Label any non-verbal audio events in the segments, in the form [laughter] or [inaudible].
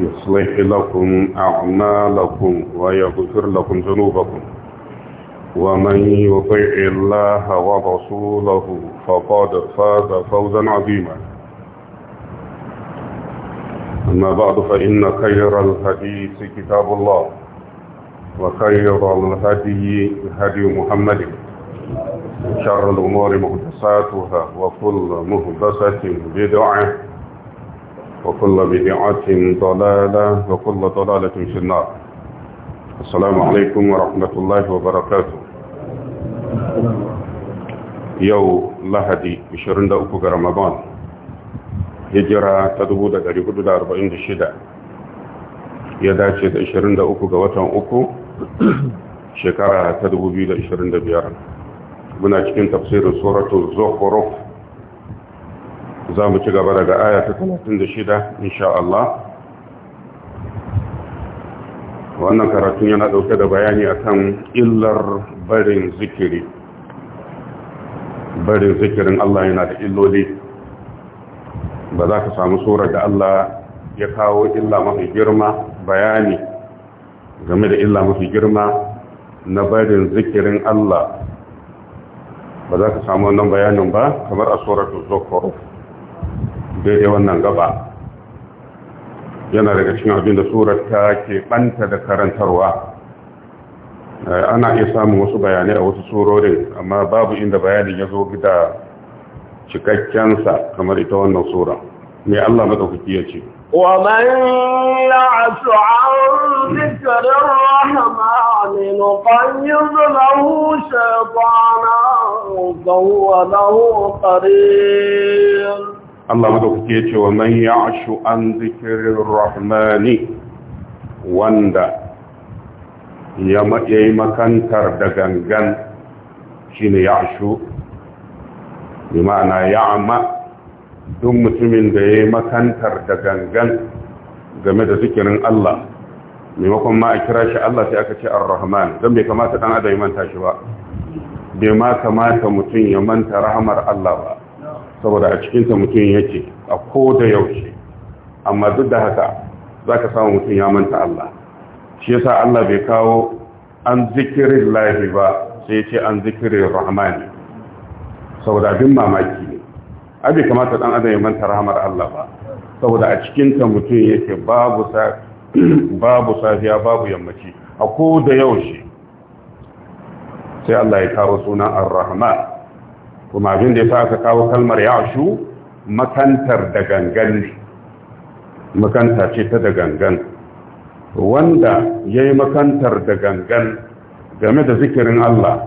يصلح لكم أعمالكم ويغفر لكم ذنوبكم ومن يطع الله ورسوله فقد فاز فوزا عظيما أما بعد فإن خير الحديث كتاب الله وخير الهدي هدي محمد شر الأمور محدثاتها وكل محدثة بدعة وكل بدعة ضلالة وكل ضلالة في النار السلام عليكم ورحمة الله وبركاته يو لهدي بشرين دا رمضان هجرة تدبودة دا أربعين دا شدا يدا شد عشرين دا أكو قواتن شكرا تدبودة بيدا عشرين دا بيارن تفسير سورة الزخرف za mu ci gaba daga aya ta 36 insha Allah wannan karatun yana dauke da bayani akan illar barin zikiri barin zikirin Allah yana da illoli ba za ka samu surar da Allah ya kawo illa mafi girma bayani game da illa mafi girma na barin zikirin Allah ba za ka samu wannan bayanin ba kamar a suratul zukhruf daidai wannan gaba yana daga cikin abin da surar ta ke ɓanta da karantarwa eh, ana iya samun wasu bayanai a wasu surorin amma babu inda bayanin ya zo gida cikakkensa kamar ita wannan sura mai Allah maɗaukaki ya ce ومن يعش عن ذكر Allah madaukake ya ce wa man ya'shu an zikirin rahmani wanda ya yi makantar da gangan shi shine ya'shu bi ma'ana ya'ma duk mutumin da ya yi makantar da gangan game da zikirin Allah maimakon ma a kira shi Allah sai aka ce ar-rahman don bai kamata dan adam ya manta shi ba bai ma kamata mutum ya manta rahmar Allah ba saboda a cikinsa mutum yake a ko da yaushe amma duk da haka za ka samu mutum ya manta Allah shi yasa Allah bai kawo an zikirin lahi ba sai ce an zikirin rahmani saboda abin mamaki ne a bai kamata dan adam ya manta rahmar Allah ba saboda a cikinta mutum yake babu [clears throat] babu safiya babu yammaci a ko da yaushe sai Allah ya kawo sunan ar-rahman kuma abin da ya sa aka kawo kalmar ya'shu makantar da gangan ne makanta ce ta da gangan wanda ya yi makantar da gangan game da zikirin Allah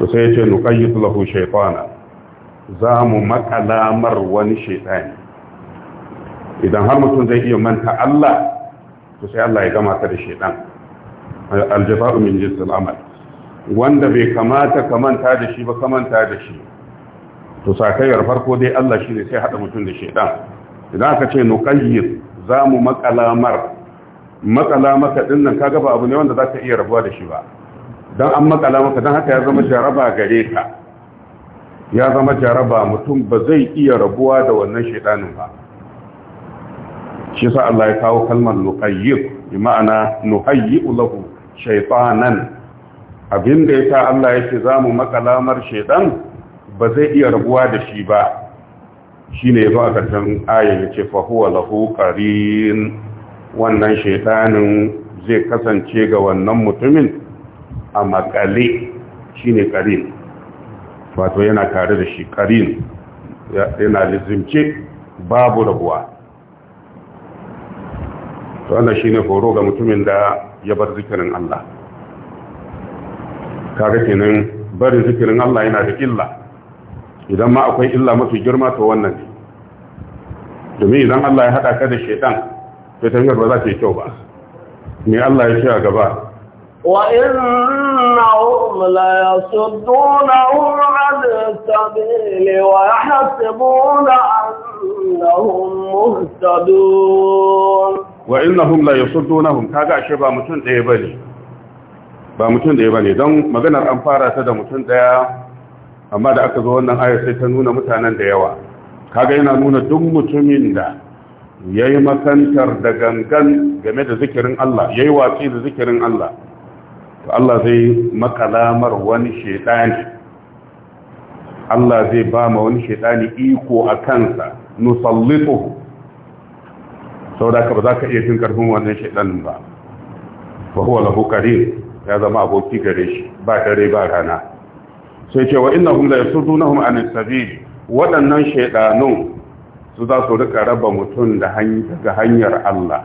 to sai ya ce nukayi tulahu shaifana za mu makalamar wani shaifani idan har mutum zai iya manta Allah to sai Allah ya gama ta da shaifan aljaza'u min jinsil amal wanda bai kamata ka manta da shi ba ka manta da shi to sakayyar farko dai Allah shi ne sai haɗa mutum da shaidan idan aka ce nukayyir za mu makalamar makala maka dinnan kaga ba abu ne wanda za ka iya rabuwa da shi ba don an makala maka don haka ya zama jaraba gare ka ya zama jaraba mutum ba zai iya rabuwa da wannan shaidanin ba shi sa Allah ya kawo kalmar nukayyir, ma'ana nuhayyi Ulahu shaytanan abin da ya ta Allah ya ce za mu makalamar shaidan ba zai iya rabuwa da shi ba shi ne ya zo a ƙarshen ayan ya ce fahuwa lahu ƙarin wannan shaidanin zai kasance ga wannan mutumin a makale shi ne ƙarin wato yana tare da shi ƙarin yana lizimce babu rabuwa to Allah shi ne horo ga mutumin da ya bar zikirin Allah kaga kenan barin zikirin Allah yana da illa idan ma akwai illa mafi girma to wannan ne domin idan Allah ya haɗa ka da shaitan to ta hanyar ba za ta yi kyau ba me Allah ya ce a gaba وإنهم ليصدونهم عن السبيل ويحسبون أنهم مهتدون وإنهم ليصدونهم كذا شبه متن إيبالي ba mutum ɗaya ba ne don maganar an fara ta da mutum ɗaya amma da aka zo wannan ayar sai ta nuna mutanen da yawa kaga yana nuna duk mutumin da ya yi makantar da gangan game da zikirin Allah ya yi watsi da zikirin Allah to Allah zai makalamar wani shaidani Allah zai ba ma wani shaidani iko a kansa nusallitu sau da ka ba za ka iya cin karfin wannan shaidanin ba fa huwa lahu ya zama aboki gare shi ba dare ba rana sai ce wa innahum la yasudunahum an sabil waɗannan shaidanun su za su rika raba mutum da daga hanyar Allah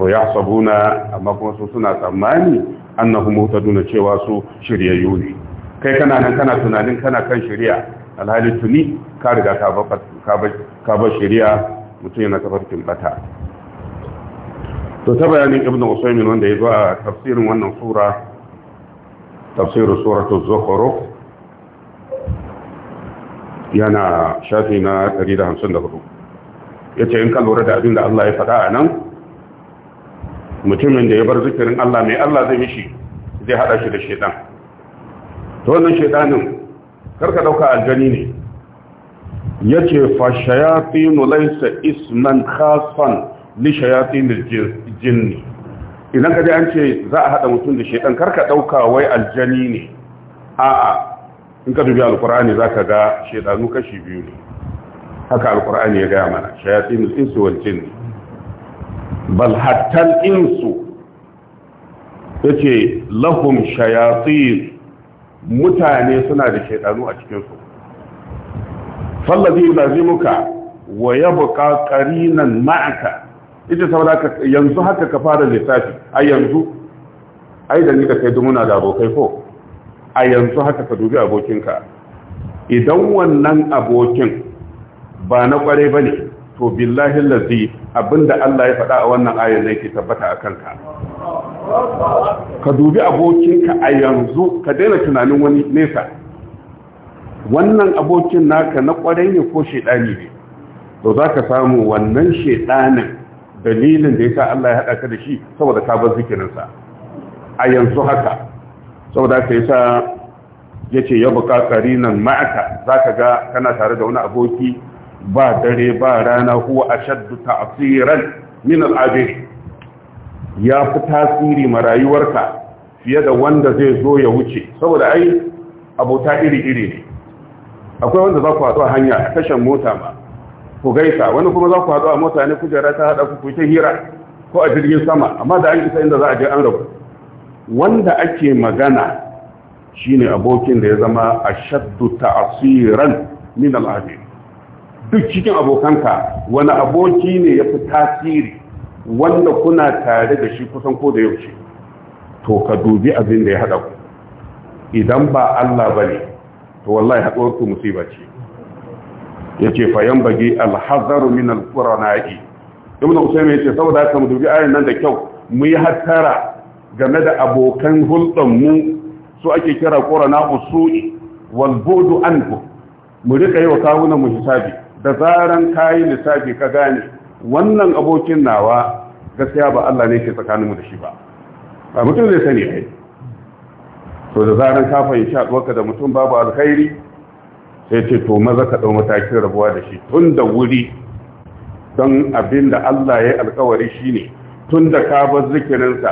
ko ya sabuna amma kuma su suna tsammani annahum mutaduna cewa su shiryayyu ne kai kana nan kana tunanin kana kan shirya alhali tuni ka riga ka ba shirya mutum yana kafarkin bata to ta bayanin ibn usaimin wanda ya zo a tafsirin wannan sura tafsirin suratul zukhruf yana shafi na 154 yace in ka lura da abin da Allah ya faɗa a nan mutumin da ya bar zikirin Allah mai Allah zai mishi zai hada shi da shedan to wannan shedanin karka dauka aljani ne yace fa shayatinu laysa isman khasan li shayatin jinn idan ka ji an ce za a hada mutum da shedan karka dauka wai aljani ne a'a in ka dubi za ka ga shedanu kashi biyu ne haka alqur'ani ya gaya mana shayatin insu wal jinn bal hatta insu yace lahum shayatin mutane suna da shedanu a cikin su fallazi lazimuka wa yabqa qarinan ma'aka ita saboda yanzu haka ka fara lissafi a yanzu ai da ni kai muna da abokai ko a yanzu haka ka dubi abokinka idan wannan abokin ba na kware ba ne to billahi lazi abinda Allah ya faɗa a wannan ayar ne ke tabbata a kanka ka dubi abokinka a yanzu ka daina tunanin wani nesa wannan abokin naka na kwarai ne ko shaidani ne to za ka samu wannan shaidanin dalilin da ya sa Allah ya haɗa ka da shi saboda ka bar zikirinsa a yanzu haka saboda ka yi sa ya ce ya buka nan ma'aka za ka ga kana tare da wani aboki ba dare ba rana huwa a shaddu ta'asiran min abin ya fi tasiri ma rayuwarka fiye da wanda zai zo ya wuce saboda ai abota iri-iri ne akwai wanda za ku hanya a tashan mota ma ku gaisa wani kuma za ku haɗu a mota ne kujera ta haɗa ku ta hira ko a jirgin sama amma da an isa inda za a je an rabu wanda ake magana shine abokin da ya zama a shaddu ta'asiran min al'adil duk cikin abokanka wani aboki ne ya fi tasiri wanda kuna tare da shi kusan ko da yaushe to ka dubi abin da ya haɗa ku idan ba Allah ba ne, to wallahi haɗuwar ku musiba ce yace fa yanbaghi al-hazaru min al ibn usaymi ce saboda haka mu dubi ayan nan da kyau mu yi hattara game da abokan hulɗan mu su ake kira qurana usui wal budu anhu mu rika yi wa kawunan mu hisabi da zaran kayi lissafi ka gane wannan abokin nawa gaskiya ba Allah ne ke tsakanin mu da shi ba ba mutum zai sani ai to da zaran ka fahimci haɗuwarka da mutum babu alkhairi sai ce to maza ka ɗau matakin rabuwa da shi tun da wuri don abin da Allah ya alkawari shi ne tun da ka bar zikirinsa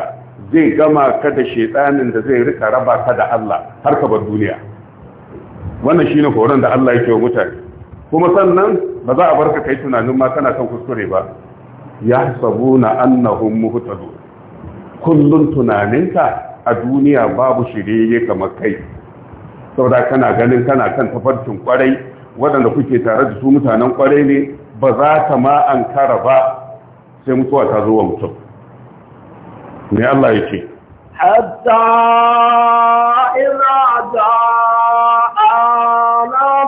zai gama ka da shaitanin da zai rika raba ka da Allah har ka bar duniya wannan shine horon da Allah yake wa mutane kuma sannan ba za a bar ka kai tunanin ma kana kan kuskure ba ya sabuna annahum muhtadun kullun tunaninka a duniya babu shirye kamar kai saboda kana ganin kana kan tafarkin kwarai waɗanda kuke tare da su mutanen kwarai ne ba za ta ma an kara ba sai mutuwa ta zo wa mutum ne Allah ya ce hatta irada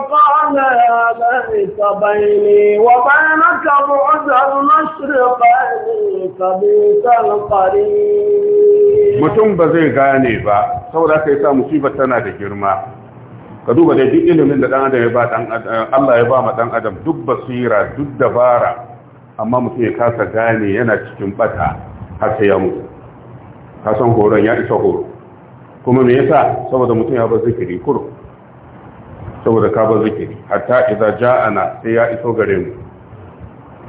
kwana ya bayani wa ka mutum ba zai gane ba saboda ka yi sa musibar tana da girma ka duba dai duk ilimin da dan adam ya ba dan Allah ya ba ma dan adam duk basira duk dabara amma mutum ya kasa gane yana cikin bata har sai ya mutu ka san horon ya isa horo kuma me yasa saboda mutum ya ba zikiri kuro saboda ka ba zikiri hatta idza ja'ana sai ya iso gare mu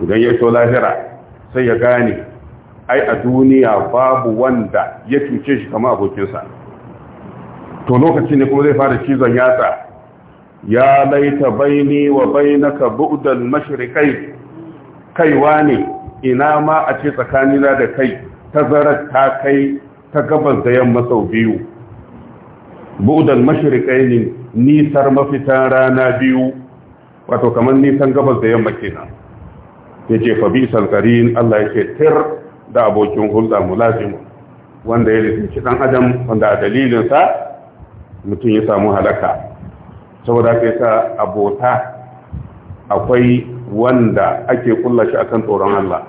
idan ya iso lahira sai ya gane ai a duniya babu wanda ya cuce shi kamar abokinsa to lokaci ne kuma zai fara cizon yatsa ya laita baini wa bainaka bu'dal mashriqai Kai ne ina ma a ce tsakanina da kai ta zarar ta kai ta gabas da yamma sau biyu bu'dal mashriqai ne nisar mafitan rana biyu wato kamar nisan gabas da yamma kenan yace fa bi karin Allah yake tir da abokin hulɗa mulazim wanda ya lissanci dan adam wanda a dalilin sa mutum ya samu halaka saboda ka yasa abota akwai wanda ake kulla shi akan tsoron Allah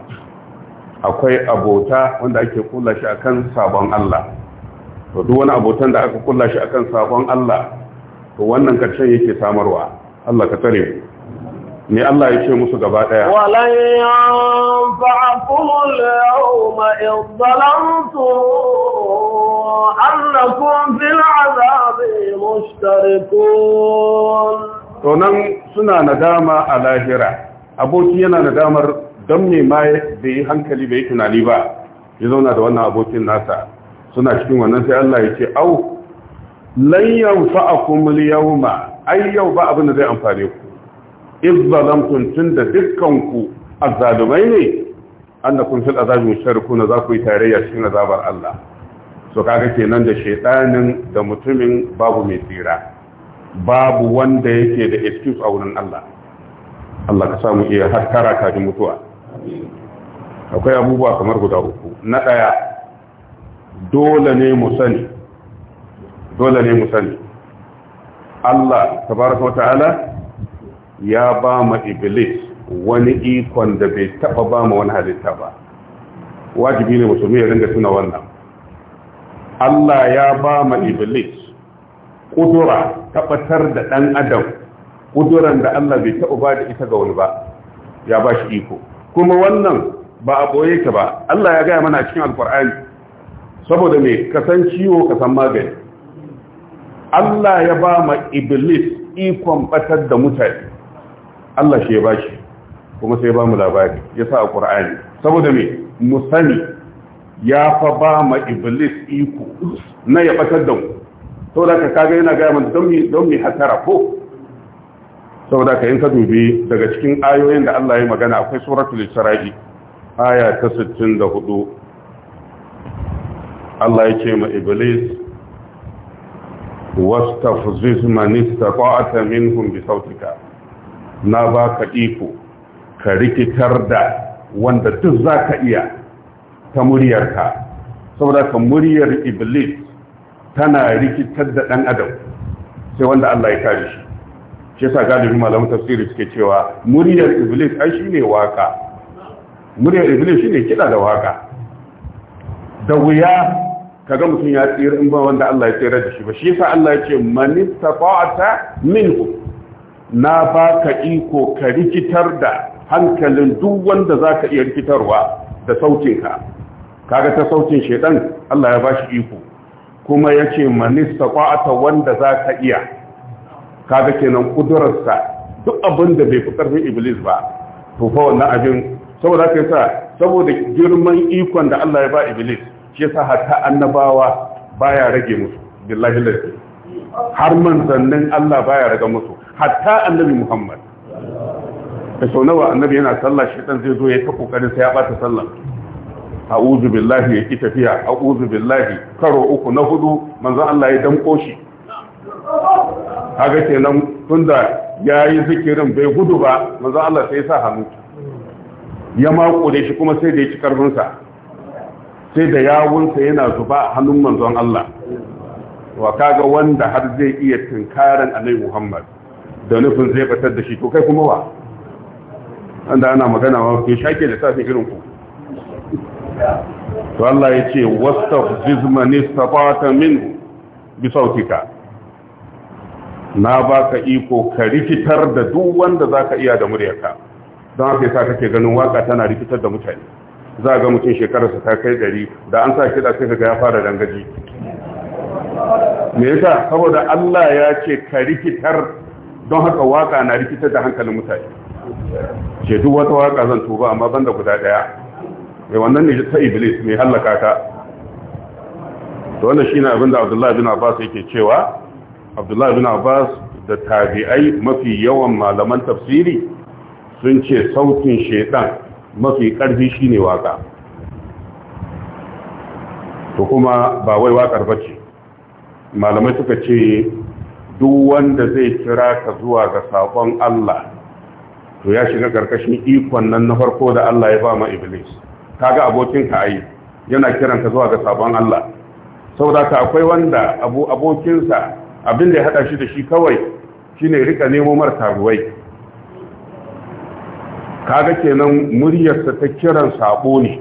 akwai abota wanda ake kulla shi akan sabon Allah to duk wani abotan da aka kulla shi akan sabon Allah to wannan karshen yake samarwa Allah ka tsare ne Allah ya ce musu gaba daya walan ya al-yawma idh أنكم في العذاب مشتركون to nan suna nadama a lahira aboki yana nadamar don ne ma da yi hankali bai tunani ba ya zauna da wannan abokin nasa suna cikin wannan sai Allah ya ce au lan yanfa'akum al-yawma ai yau ba abin da zai amfane ku iz zalamtum tunda dukkan ku azzalumai ne annakum fil azabi mushrikuna za ku yi tarayya cikin azabar Allah so kaga kenan da shaitanin da mutumin babu mai tsira babu wanda yake da excuse a wurin Allah Allah ka samu iya ka ji mutuwa akwai abubuwa kamar guda uku na daya dole ne mu sani dole ne mu sani Allah tabaraka wa ta'ala ya ba ma iblis wani ikon da bai taba ba ma wani halitta ba wajibi ne musulmi ya ringa tuna wannan Allah ya ba ma Iblis ƙudura tabbatar da ɗan adam ƙuduran da Allah bai taɓa ba da ita ga wani ba ya ba shi iko kuma wannan ba a ɓoye ka ba Allah ya gaya mana cikin alƙur'ani saboda mai kasan ciwo kasan magani Allah ya ba ma Iblis ikon batar da mutane Allah shi ya ba shi kuma sai ba mu labari ya sa a saboda mai mu sani ya fa ba ma iblis iko na ya fatar da mu da ka kaga yana gaya mana don mi don mi hatara ko saboda ka yin ka dubi daga cikin ayoyin da Allah ya magana akwai suratul isra'i aya ta 64 Allah ya ce ma iblis wastafziz man istata'ta minhum bi sautika na ba ka iko ka rikitar da wanda duk zaka iya ta muryarka saboda ka muryar iblis tana rikitar da ɗan adam sai wanda Allah ya kare shi shi sa galibin malamin tafsiri suke cewa muryar iblis ai shine waka muryar iblis shine kiɗa da waka da wuya kaga mutum ya tsira in ba wanda Allah ya tsira da shi ba shi sa Allah ya ce manistata'ata minhu na baka iko ka rikitar da hankalin duk wanda zaka iya rikitarwa da sautinka kaga ta saukin shedan Allah ya bashi iko kuma yace manista qa'ata wanda za ka iya kaga kenan kudurarsa duk abin da bai fi ƙarfin iblis ba to fa wannan abin saboda ka sa saboda girman ikon da Allah ya ba iblis shi yasa hatta annabawa baya rage musu billahi lafi har manzannin Allah baya rage musu hatta annabi Muhammad da sau nawa annabi yana sallah shi dan zai zo ya ta kokarin sai ya bata sallah a'udhu billahi ya ki tafiya a'udhu billahi karo uku na hudu manzo Allah ya danko shi kaga kenan tunda yayi zikirin bai gudu ba manzo Allah sai ya sa hannu ya makure shi kuma sai da ya ci karfin sa sai da yawunsa yana zuba hannun manzon Allah wa kaga wanda har zai iya tunkarin Annabi Muhammad da nufin zai batar da shi to kai kuma wa anda ana magana wa ke shake da safi irin ku to Allah ya ce wasta man istata min bi sautika na baka iko ka rikitar da duk wanda zaka iya da muryarka don haka yasa kake ganin waka tana rikitar da mutane za ga mutum shekararsa ta kai dari da an sa da sai ga ya fara dangaji me yasa saboda Allah ya ce ka rikitar don haka waka na rikitar da hankalin mutane ce duk wata waka zan tuba amma banda guda daya mai wannan ne ta iblis mai hallaka ka to wannan shine abin da Abdullahi bin Abbas yake cewa Abdullahi bin Abbas da tabi'ai mafi yawan malaman tafsiri sun ce sautin shedan mafi karfi shine waka to kuma ba wai wakar ce. malamai suka ce duk wanda zai kira ka zuwa ga sabon Allah to ya shiga karkashin ikon nan na farko da Allah ya ba ma Iblis kaga abokinka ai yana kiranka zuwa ga sabon Allah saboda ka akwai wanda abu abokinsa abin da ya hada shi da shi kawai shine rika nemo mar kaga kenan muryarsa ta kiran sabo ne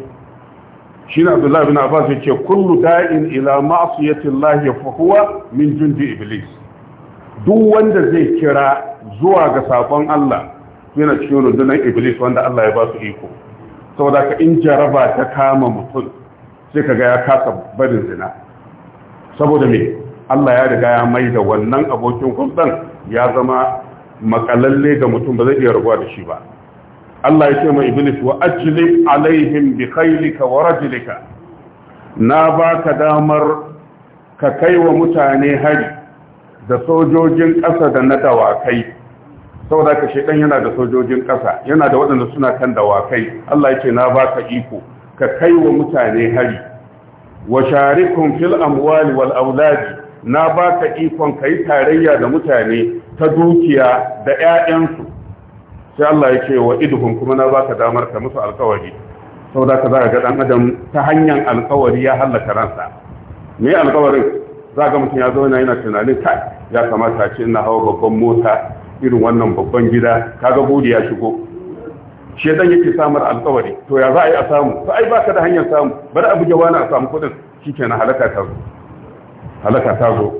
shine Abdullah bin Abbas yace kullu da'in ila ma'siyati Allah fa huwa min jundi iblis duk wanda zai kira zuwa ga sabon Allah yana cikin rundunar iblis wanda Allah ya ba su iko saboda ka in jaraba ta kama mutum sai ka ga ya kasa barin zina saboda me Allah ya riga ya mai da wannan abokin kunsan ya zama makalalle ga mutum ba zai iya rabuwa da shi ba Allah ya ce mai iblis wa ajli alaihim bi khaylika wa rajlika na baka damar ka kai wa mutane hari da sojojin ƙasa da na dawakai saboda ka dan yana da sojojin kasa, yana da waɗanda suna kan dawakai Allah ya ce na baka iko ka kai wa mutane hari wa sharikum fil amwali wal auladi na baka ikon kai tarayya da mutane ta dukiya da ƴaƴansu sai Allah ya ce wa idhum kuma na baka damar ka musu alƙawari saboda ka za ga dan adam ta hanyar alƙawari ya halaka ransa me alƙawarin za ga mutum ya zo yana tunanin kai ya kamata a ce ina hawa babban mota irin wannan babban gida kaga gudi ya shigo shedan yake samar alƙawari to ya za a yi a samu to ai baka da hanyar samu bari abu na a samu kudin shikenan halaka ta zo halaka ta zo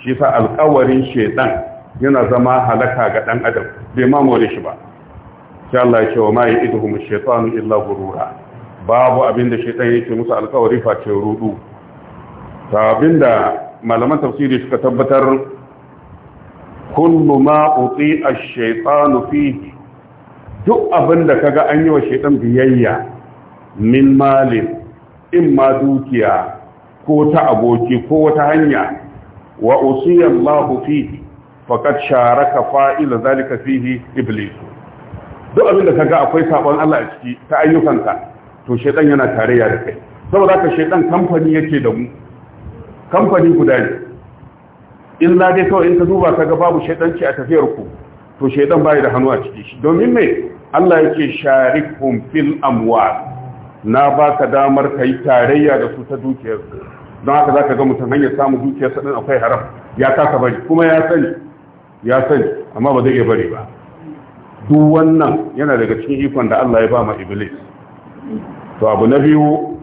shi sa alƙawarin shedan yana zama halaka ga dan adam bai ma more shi ba sai Allah ya ce wa ma ya'iduhum ash-shaytanu illa gurura babu abinda shedan yake musu alƙawari face rudu Ta abinda malaman tafsiri suka tabbatar kullu ma a ash fihi duk abinda kaga an yi wa shaiɗan biyayya min malin in ma dukiya ko ta aboki ko wata hanya wa usiya Allah fihi faqad sharaka fa'ila zalika fihi iblis duk abinda kaga akwai sabon Allah a ciki ta ayyukanka to shaytan yana tarayya da kai saboda haka shaiɗan kamfani yake da mu kamfani guda ne in za dai kawai in ka duba kaga babu shaidanci a tafiyar ku to shaidan bai da hannu a ciki shi domin me Allah yake sharikum fil amwal na baka damar kai tarayya da su ta dukiyar su don haka zaka ga mutum hanyar samu dukiyar sa din akwai haram ya kasa bari kuma ya sani ya sani amma ba zai iya bari ba duk wannan yana daga cikin ikon da Allah ya ba ma iblis to abu na biyu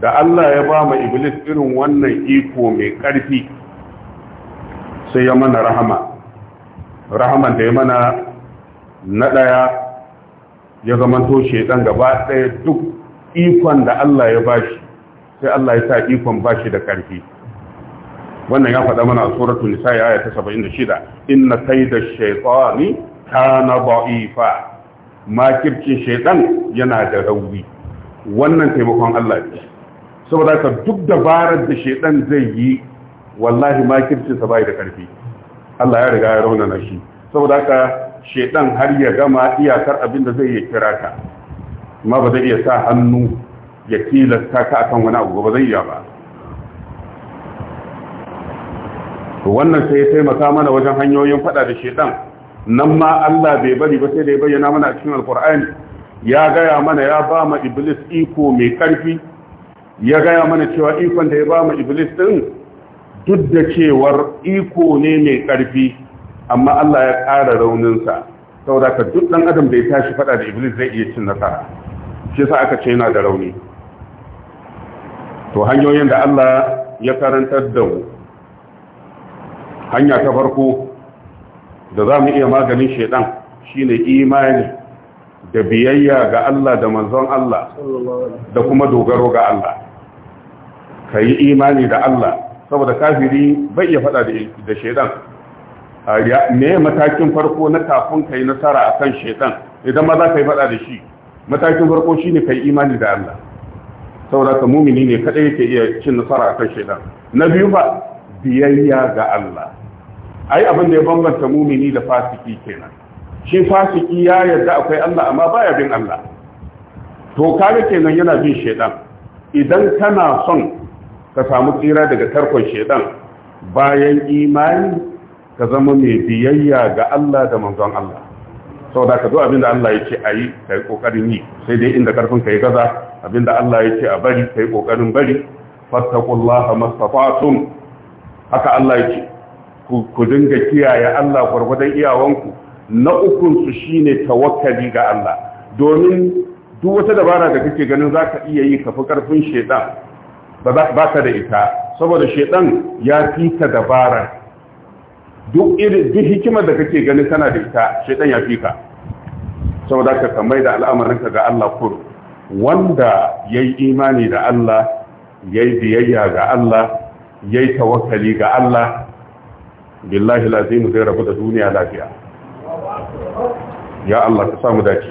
da Allah ya ba ma iblis irin wannan iko mai karfi sai ya mana rahama rahaman da ya mana na ɗaya ya zamanto shaidan gaba ɗaya duk ikon da Allah ya bashi sai Allah ya sa ikon bashi da ƙarfi wannan ya faɗa mana a suratul nisa'i aya ta 76 inna kayda shaytani kana ma makircin shaidan yana da rauni wannan taimakon Allah ne saboda ka duk dabarar da shaidan zai yi wallahi makircinsa sa bai da karfi Allah ya riga ya rauna raunana shi saboda haka shedan har ya gama iyakar abin da zai yi kira ka amma ba zai iya sa hannu ya tilasta ka akan wani abu ba zai iya ba wannan sai ya taimaka mana wajen hanyoyin fada da shedan nan ma Allah bai bari ba sai da ya bayyana mana a cikin alkur'ani ya gaya mana ya ba ma iblis iko mai karfi ya gaya mana cewa ikon da ya ba ma iblis ɗin. duk da cewar iko ne mai ƙarfi amma Allah ya ƙara rauninsa saboda ka duk ɗan adam da ya tashi faɗa da iblis zai iya cin nasara shi sa aka ce yana da rauni to hanyoyin da Allah ya karantar da mu hanya ta farko da za mu iya maganin shaidan shine imani da biyayya ga Allah da manzon Allah da kuma dogaro ga Allah ka yi imani da Allah saboda kafiri bai iya faɗa da shaidan me matakin farko na kafin ka yi nasara a kan idan ma za ka yi faɗa da shi matakin farko shine ka yi imani da Allah saboda ka mumini ne kaɗai yake iya cin nasara akan kan na biyu ba biyayya ga Allah ai abin da ya bambanta mumini da fasiki kenan shi fasiki ya yarda akwai Allah amma baya bin Allah to kaga kenan yana bin shaidan idan kana son ka samu tsira daga tarkon shedan bayan imani ka zama mai biyayya ga Allah da manzon Allah Sau da ka zo abinda Allah ya ce a yi ka yi ƙoƙarin yi sai dai inda ƙarfin ka yi gaza abinda Allah ya ce a bari ka yi ƙoƙarin bari fattakullaha mastafatun haka Allah ya ce ku dinga kiyaye Allah gwargwadon iyawanku na ukun su ne tawakkali ga Allah domin duk wata dabara da kake ganin za ka iya yi ka fi ƙarfin shaiɗan. ba ka da ita saboda shedan ya fi ka dabara duk hikimar da kake gani tana da ita shedan ya fi ka saboda ka kamar da al'amarinka ga Allah kur wanda ya yi imani da Allah ya yi biyayya ga Allah ya yi tawakkali ga Allah billahi lazimu zai rabu da duniya lafiya ya Allah ka samu dace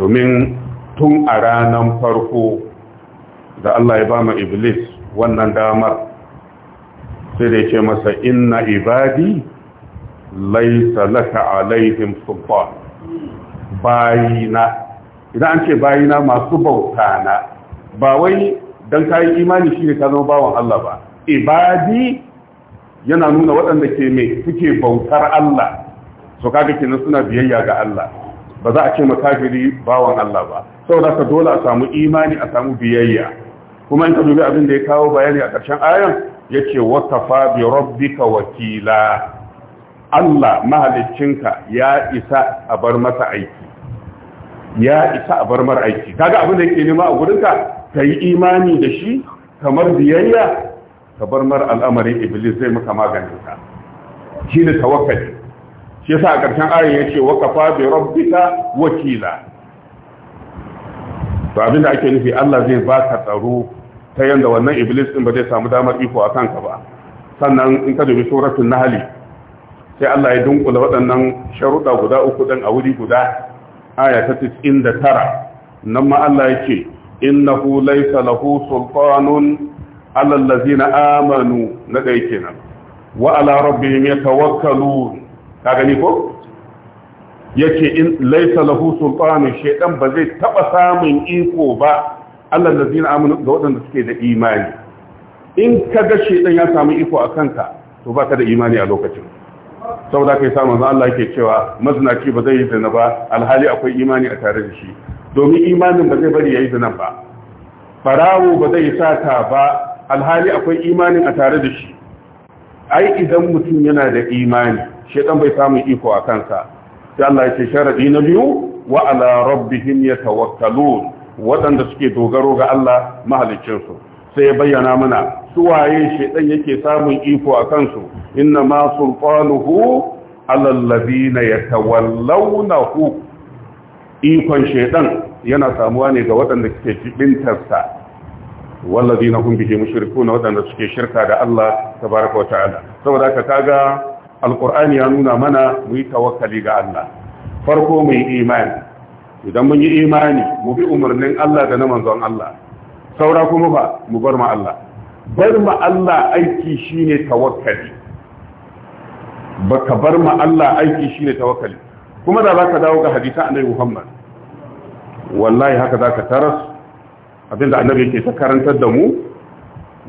domin tun a ranan farko da Allah ya ba ma iblis wannan damar sai da ya masa inna ibadi laisa laka alaihim sultan bayina idan an ce bayina masu bauta na ba wai don kayi imani shi ne ka zama bawan Allah ba ibadi yana nuna waɗanda ke mai suke bautar Allah so kaga kenan suna biyayya ga Allah ba za a ce makafiri bawan Allah ba saboda ka dole a samu imani a samu biyayya kuma in ka dubi abin da ya kawo bayani a ƙarshen ayan ya ce wakafa bi rabbika wakila Allah mahaliccinka ya isa a bar masa aiki ya isa a bar mar aiki kaga abin da yake nema a gurinka ka yi imani da shi kamar biyayya ka bar mar al'amarin iblis zai maka maganinka. ka shi ne tawakkali shi yasa a ƙarshen ayan ya ce wakafa bi rabbika wakila to abin da ake nufi Allah zai baka tsaro ta yadda wannan iblis din ba zai samu damar iko a kanka ba sannan in ka dubi suratul nahl sai Allah ya dunkula waɗannan sharuɗa guda uku din a wuri guda aya ta 99 nan ma Allah yake innahu laysa lahu sultanun ala allazina amanu na dai kenan wa ala rabbihim yatawakkalun ka gani ko yace in laysa lahu sultanun shaydan ba zai taba samun iko ba Allah zina amina ga waɗanda suke da imani in ka ga shedan ya samu iko a kanka to ba ka da imani a lokacin saboda yi samu zan Allah yake cewa mazinaci ba zai yi zina ba alhali akwai imani a tare da shi domin imanin ba zai bari ya yi zina ba farawo ba zai sata ba alhali akwai imanin a tare da shi ai idan mutum yana da imani shedan bai samun iko a kansa sai Allah ya sharadi na biyu wa ala rabbihim yatawakkalun waɗanda suke dogaro ga Allah mahaliccinsu sai ya bayyana mana su waye shedan yake samun iko a kansu inna ma sulfanuhu alallazina yatawallawnahu ikon shedan yana samuwa ne ga waɗanda suke jibintarsa wallazina hum bihi mushrikuna waɗanda suke shirka da Allah tabaraka saboda haka kaga alqur'ani ya nuna mana mu yi tawakkali ga Allah farko mu yi imani idan mun yi imani mu bi umarnin Allah da na manzon Allah saura kuma ba mu bar ma Allah bar ma Allah aiki shine tawakkali baka bar ma Allah aiki shine tawakkali kuma da zaka dawo ga hadisi Annabi Muhammad wallahi haka zaka taras abinda Annabi yake ta karantar da mu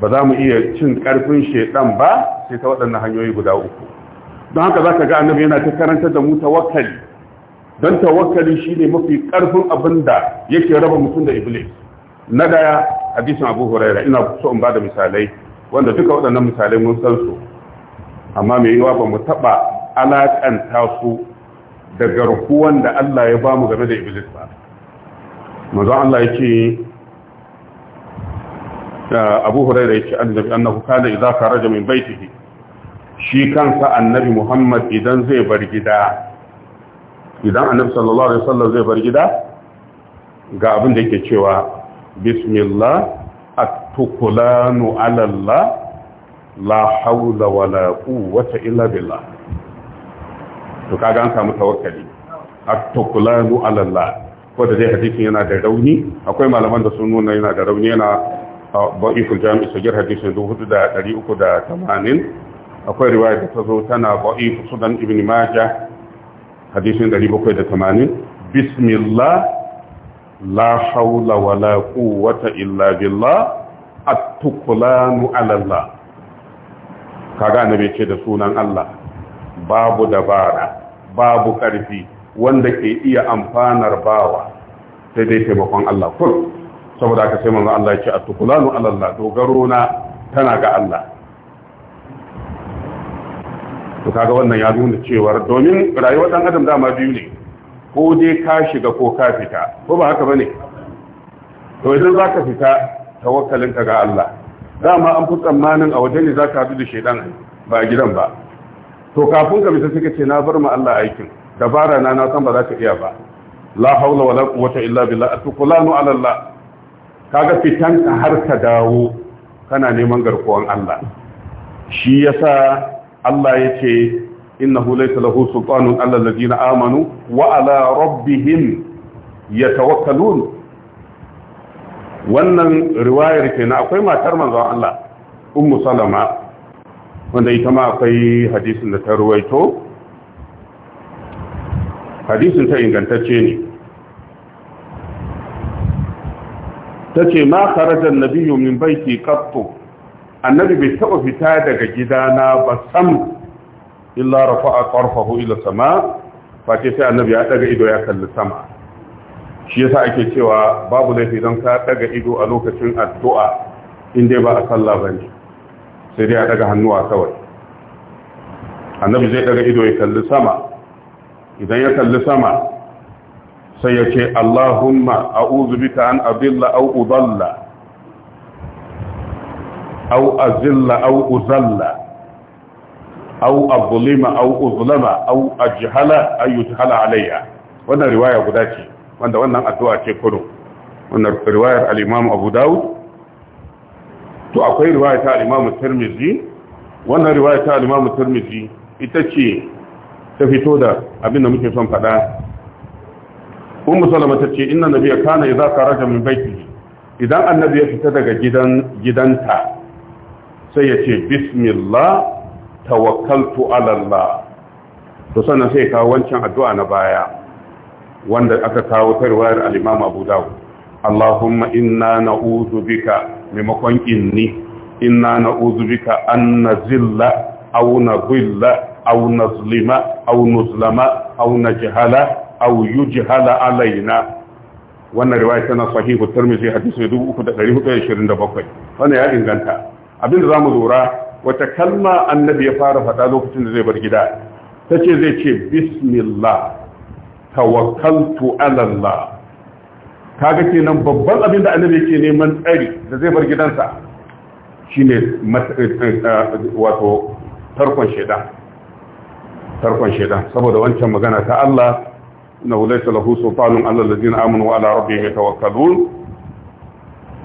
ba za mu iya cin karfin shedan ba sai ta waɗannan hanyoyi guda uku don haka zaka ga Annabi yana ta karantar da mu tawakkali don tawakkali shine mafi karfin abin da yake raba mutum da iblis na daya hadisin abu huraira ina so in bada misalai wanda duka waɗannan misalai mun san su amma mai yiwa ba mu taɓa alaƙanta su da garkuwan da Allah ya ba mu game da iblis ba manzo Allah yake eh, abu huraira yake annabi annahu kana idza kharaja min baitihi shi kansa annabi Muhammad idan zai bar gida idan annabi sallallahu alaihi wasallam zai bar gida ga abin da yake cewa bismillah at-tukulanu ala Allah la hawla wala quwwata illa billah to kaga an samu tawakkali at-tukulanu ala Allah ko da dai hadisin yana da rauni akwai malaman da sun nuna yana da rauni yana ba'iful jami'i sagir hadisin 4380 akwai riwaya da ta zo tana ba'ifu sunan ibn majah hadisin 780 bismillah la haula wala quwwata illa billah at-tuqlanu ala Allah kaga annabi ce da sunan Allah babu dabara babu karfi wanda ke iya amfanar bawa sai dai taimakon Allah kul saboda aka sai manzo Allah ya ce at-tuqlanu ala Allah dogaro na tana ga Allah to kaga wannan ya nuna cewar domin rayuwar dan adam dama biyu ne ko dai ka shiga ko ka fita ko ba haka bane to idan zaka fita tawakkalin ka ga Allah dama an fi tsammanin a wajen ne zaka haɗu da shedan ba gidan ba to kafin ka bisa suka ce na bar ma Allah aikin dabara na na san ba za ka iya ba la haula wala quwwata illa billah atqulanu ala Allah kaga fitan ka har ka dawo kana neman garkuwan Allah shi yasa Allah ya ce innahu laysa lahu sultanun alal ladina amanu wa ala rabbihim yatawakkalun wannan riwayar na akwai matar manzon Allah ummu salama wanda ita ma akwai hadisin da ta ruwaito hadisin ta ingantacce ne ta ce ma kharajan nabiyyu min baiti qattu annabi bai taba fita daga gidana ba sam illa rafa'a qarfahu ila sama face sai annabi ya ɗaga ido ya kalli sama shi yasa ake cewa babu laifi don ka ɗaga ido a lokacin addu'a in dai ba a sallah ne, sai dai a daga hannuwa kawai annabi zai ɗaga ido ya kalli sama idan ya kalli sama sai ya ce Allahumma a'udhu bika an adilla aw udalla au azilla au uzalla au azlima au uzlama au ajhala ay yujhala alayya wannan riwaya guda ce wanda wannan addu'a ce kudu wannan riwayar al Abu Dawud to akwai riwaya ta al-Imam wannan riwaya ta ita ce ta fito da abin da muke son faɗa ummu salama ta ce inna nabiya kana idza kharaja min baitihi idan annabi ya fita daga gidan gidanta sai ya ce bismillah tawakkaltu ala Allah to sannan sai kawo wancan addu'a na baya wanda aka kawo ta riwayar al-Imam Abu Dawud Allahumma inna na'udhu bika mimakon inni inna na'udhu bika an nazilla aw nadilla aw nazlima aw nuzlama aw najhala aw yujhala alaina wannan riwaya tana sahihu Tirmidhi hadisi 3427 wannan ya inganta abin da za mu lura wata kalma annabi ya fara faɗa lokacin da zai bar gida ta ce zai ce bismillah tawakkaltu alallah kaga kenan babban abin da annabi yake neman tsari da zai bar gidansa shine eh, eh, eh, wato tarkon shaidan tarkon shaidan saboda wancan magana ta Allah na hulaita lahu sultanun Allah ladina amanu wa ala rabbihim yatawakkalun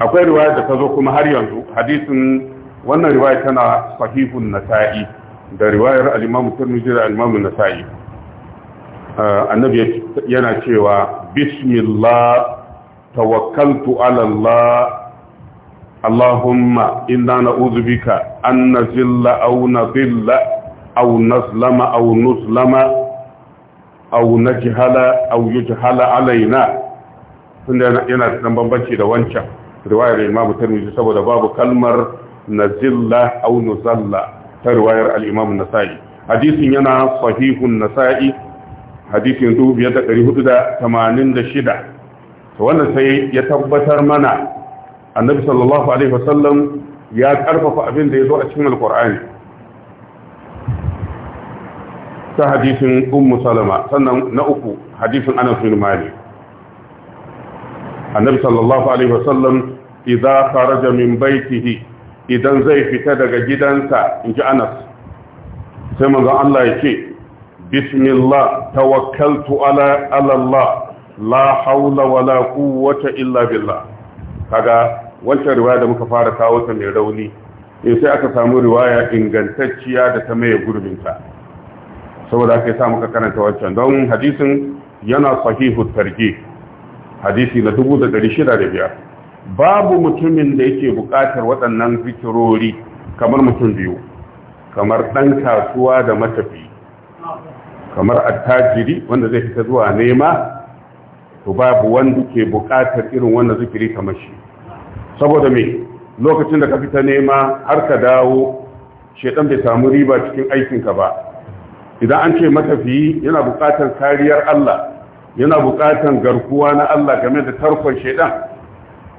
akwai riwaya da ta zo kuma har yanzu hadisin wannan riwaya tana sahihun nasa'i da riwayar al-imamu tirmidhi da al-imamu nasa'i uh, annabi yana cewa bismillah tawakkaltu ala Allah اللهم إنا نعوذ بك أن نزل أو نضل أو نظلم أو نظلم أو نجهل أو يجهل alaina!" tunda yana da bambanci da wancan riwayar Imam Tirmidhi saboda babu kalmar nazilla aw nuzalla ta riwayar al-imam nasa'i hadisin yana sahihun nasa'i hadisin 2486 to wannan sai ya tabbatar mana annabi sallallahu alaihi wasallam ya karfafa abin da yazo a cikin al alqur'ani ta hadisin ummu salama sannan na uku hadisin anas bin malik annabi sallallahu alaihi wasallam idza kharaja min baitihi idan zai fita daga gidansa in ji anas sai manzo Allah ya ce bismillah tawakkaltu ala Allah la hawla wala quwwata illa billah kaga wancan riwaya da muka fara kawo ta mai rauni in eh, sai aka samu riwaya ingantacciya da ta mai gurbin gurbinta saboda aka sa muka karanta wancan don hadisin yana sahihu tarjih hadisi na biyar. babu mutumin da yake buƙatar waɗannan zikirori kamar mutum biyu kamar ɗan kasuwa da matafi kamar attajiri wanda zai fita zuwa nema to babu wanda ke buƙatar irin wannan zikiri kamar shi saboda me lokacin da ka fita nema har ka dawo shedan bai samu riba cikin aikinka ba idan an ce matafi yana buƙatar kariyar Allah yana buƙatar garkuwa na Allah game da tarkon shedan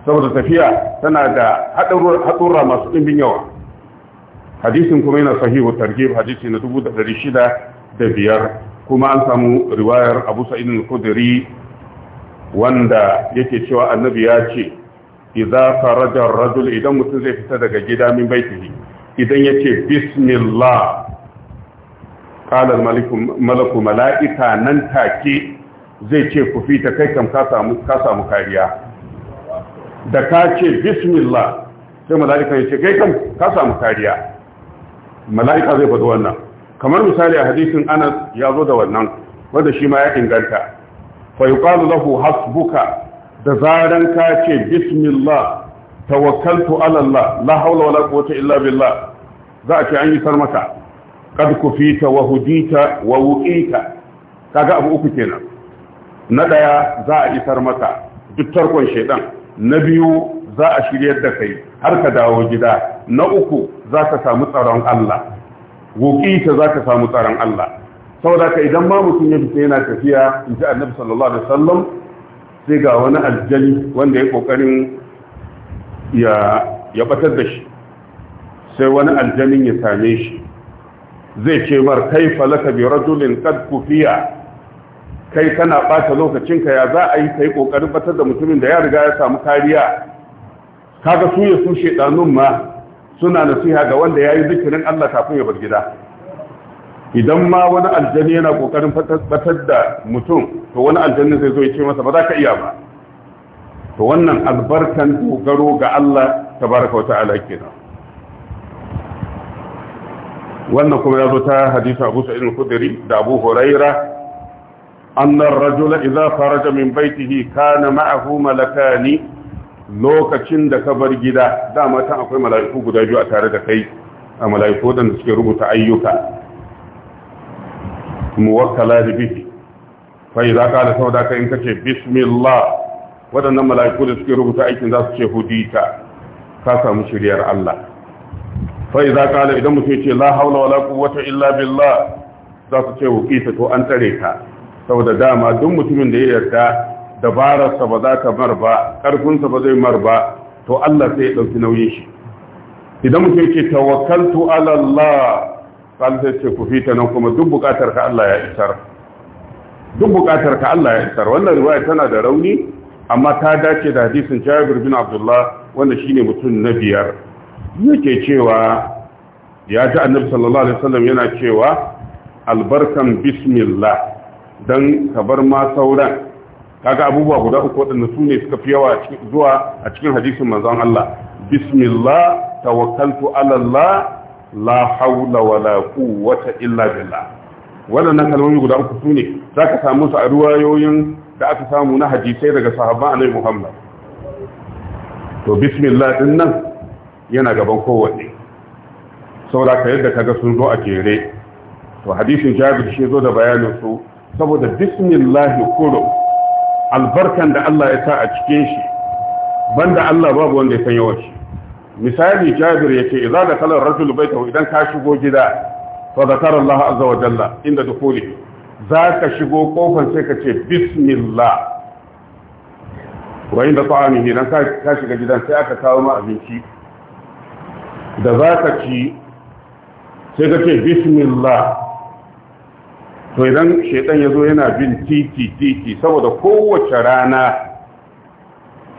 saboda tafiya tana da haɗurra masu ɗimbin yawa hadisin kuma yana sahihu targhib hadisi na dubu da shida biyar. kuma an samu riwayar Abu Sa'id al-Khudri wanda yake cewa annabi ya ce idza faraja ar-rajul idan mutum zai fita daga gida min baitihi idan yace bismillah qala al-malaku malaika nan take zai ce ku fita kai kam ka samu ka samu kariya da ka ce bismillah sai mala'ika ya ce kai kan ka samu kariya mala'ika zai faɗi wannan kamar misali a hadisin anas ya zo da wannan wanda shi ma ya inganta fa yuqalu lahu hasbuka da zaran ka ce bismillah tawakkaltu ala Allah la hawla wala quwwata illa billah za a ce an yi sar maka kad kufita wa hudita wa wuqita kaga abu uku kenan na daya za a isar maka duk tarkon shedan na biyu za a shiryar da kai har ka dawo gida na uku za ka samu tsaron Allah wuƙita za ka samu tsaron Allah saboda ka idan ma mutum ya fita yana tafiya in ji annabi sallallahu alaihi wasallam sai ga wani aljani wanda ya kokarin ya ya batar da shi sai wani aljanin ya same shi zai ce mar kai falaka bi rajulin qad kufiya kai kana ɓata lokacinka ya za a yi kai ƙoƙarin batar da mutumin da ya riga ya samu kariya kaga su ya su shaidanun ma suna nasiha ga wanda ya yi zikirin Allah kafin ya bar gida idan ma wani aljani yana ƙoƙarin batar da mutum to wani aljani zai zo ya ce masa ba za ka iya ba to wannan albarkan dogaro ga Allah tabaraka wata'ala kenan wannan kuma ya zo ta hadisi Abu Sa'id al-Khudri da Abu Hurairah أن الرجل إذا خرج من بيته كان معه ملكان lokacin da ka bar gida dama ta akwai mala'iku guda biyu a tare da kai a mala'iku da suke rubuta ayyuka muwakkala da bihi fai za ka da sau da ka ka ce bismillah waɗannan mala'iku da suke rubuta aikin za su ce hudita ka samu shiryar Allah fai za idan ce la haula wa la quwwata illa billah za su ce to an tsare ka saboda dama duk mutumin da ya yarda dabararsa ba za ta mar ba ƙarfinsa ba zai mar ba to Allah sai ya ɗauki nauyin shi idan mutum yake tawakkaltu ala Allah kan sai ce ku fita nan kuma duk buƙatar ka Allah ya isar duk buƙatar ka Allah ya isar wannan riwaya tana da rauni amma ta dace da hadisin Jabir bin Abdullah wanda shine mutum na biyar yake cewa ya ji annabi sallallahu alaihi wasallam yana cewa albarkan bismillah don ka bar ma sauran kaga abubuwa guda uku waɗanda su ne suka fi yawa zuwa a cikin hadisin manzon Allah bismillah tawakkaltu ala Allah la haula wala quwwata illa billah waɗannan kalmomi guda uku su ne zaka samu su a ruwayoyin da aka samu na hadisai daga sahabban annabi Muhammad to bismillah din nan yana gaban kowanne saboda ka yadda kaga sun zo a jere to hadisin Jabir shi zo da bayanin su saboda bismillahi kuro albarkan da Allah ya sa a cikin shi banda Allah babu wanda ya san yawan shi misali Jabir yace idza da kalar rajul baita idan ka shigo gida fa zakara Allah azza wa jalla inda dukuli ka shigo kofar sai ka ce bismillah wa inda ta'amihi idan ka shiga gidan sai aka kawo ma abinci da ka ci sai ka ce bismillah to idan shaitan ya zo yana bin titi titi saboda kowace rana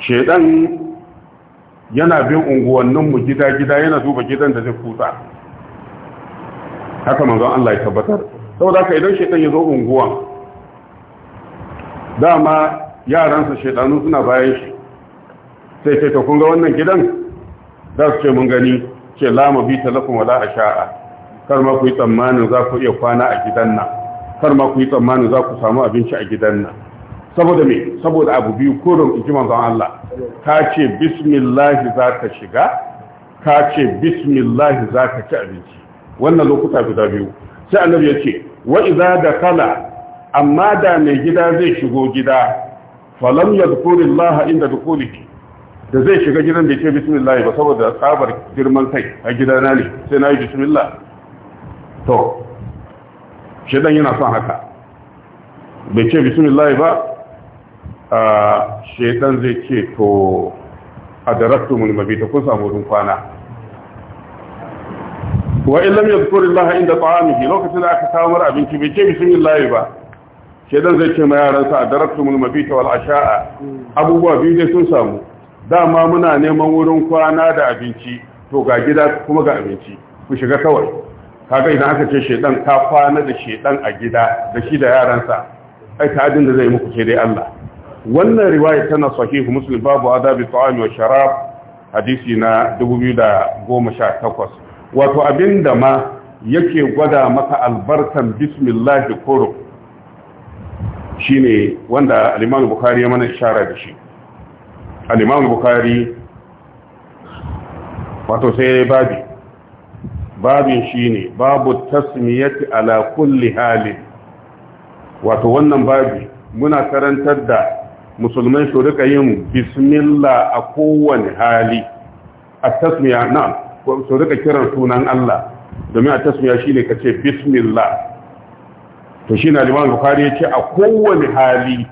shaitan yana bin unguwanninmu gida-gida yana duba gidan da zai kusa haka manzon Allah ya tabbatar saboda haka idan shaitan ya zo unguwan dama yaransa shaitanu suna bayan shi sai sai ta kunga wannan gidan za su ce mun gani ce mu bi talakun wala a sha'a kar ma ku yi tsammanin za ku iya kwana a gidan nan kar ma ku yi tsammanin za ku samu abinci a gidan nan saboda me saboda abu biyu kurum in ji manzon Allah ka ce bismillah za ka shiga ka ce bismillah za ka ci abinci wannan lokuta guda biyu sai annabi ya ce wa idza dakala amma da mai gida zai shigo gida falam yadhkurillaha inda dukulihi da zai shiga gidan da ce bismillah ba saboda tsabar girman kai a gidana ne sai na yi bismillah to shaidan yana son haka bai ce bismillah ba a shaidan zai ce to a daraktu mulmabi ta kun samu wurin kwana wa illam yadhkuri Allah inda ta'amihi lokacin da aka kawo mara abinci bai ce bismillah ba shaidan zai ce ma yaransa a daraktu mulmabi ta wal asha'a abubuwa biyu dai sun samu dama muna neman wurin kwana da abinci to ga gida kuma ga abinci ku shiga kawai kaga idan aka ce shedan ta kwana da shedan a gida da shi da yaransa ai tajin da zai muku ke dai Allah wannan riwaya tana sahihu muslim babu adabi ta'ami wa sharab hadisi na 2018 wato abinda ma yake gwada maka albarkan bismillah koro shine wanda al-Imam Bukhari ya mana ishara da shi al-Imam Bukhari wato sai babi babin shine babu tasmiyati ala kulli halin wato wannan babi muna karantar da musulmai su rika yin bismillah a kowane hali a tasmiya na su rika kiran sunan Allah domin a tasmiya shine kace bismillah to shine al-Imam Bukhari yace a kowane hali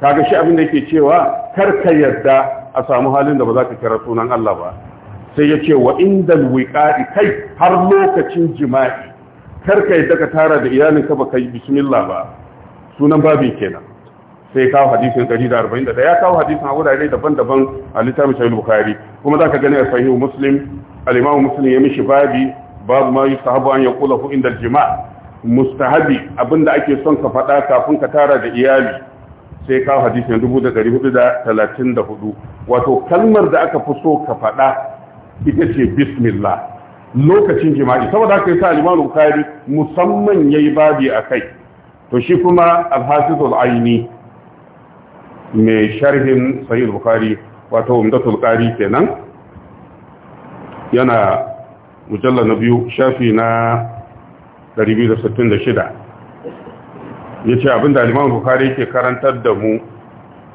kaga shi abin da yake cewa karka yarda a samu halin da ba za ka kira sunan Allah ba sai ya ce wa inda wiqa'i kai har lokacin jima'i karka yadda daga tara da iyalinka ba kai bismillah ba sunan babin kenan sai kawo hadisin 141 ya kawo hadisin a wurare daban-daban a littafin sahih bukhari kuma zaka gani a sahih muslim al-imam muslim ya mishi babi babu ma yusahabu an yaqula fu indal jima' mustahabi abinda ake son ka faɗa kafin ka tara da iyali sai kawo hadisin 434 wato kalmar da aka fi so ka faɗa ita ce bismillah lokacin jima'i saboda haka yasa al-Imam musamman yayi babi kai. to shi kuma Alhasis al-Aini mai sharhin Sahih Bukhari wato Umdatul Qari kenan yana mujallal na biyu shafi na 266 yace abinda alimanu imam Bukhari yake karantar da mu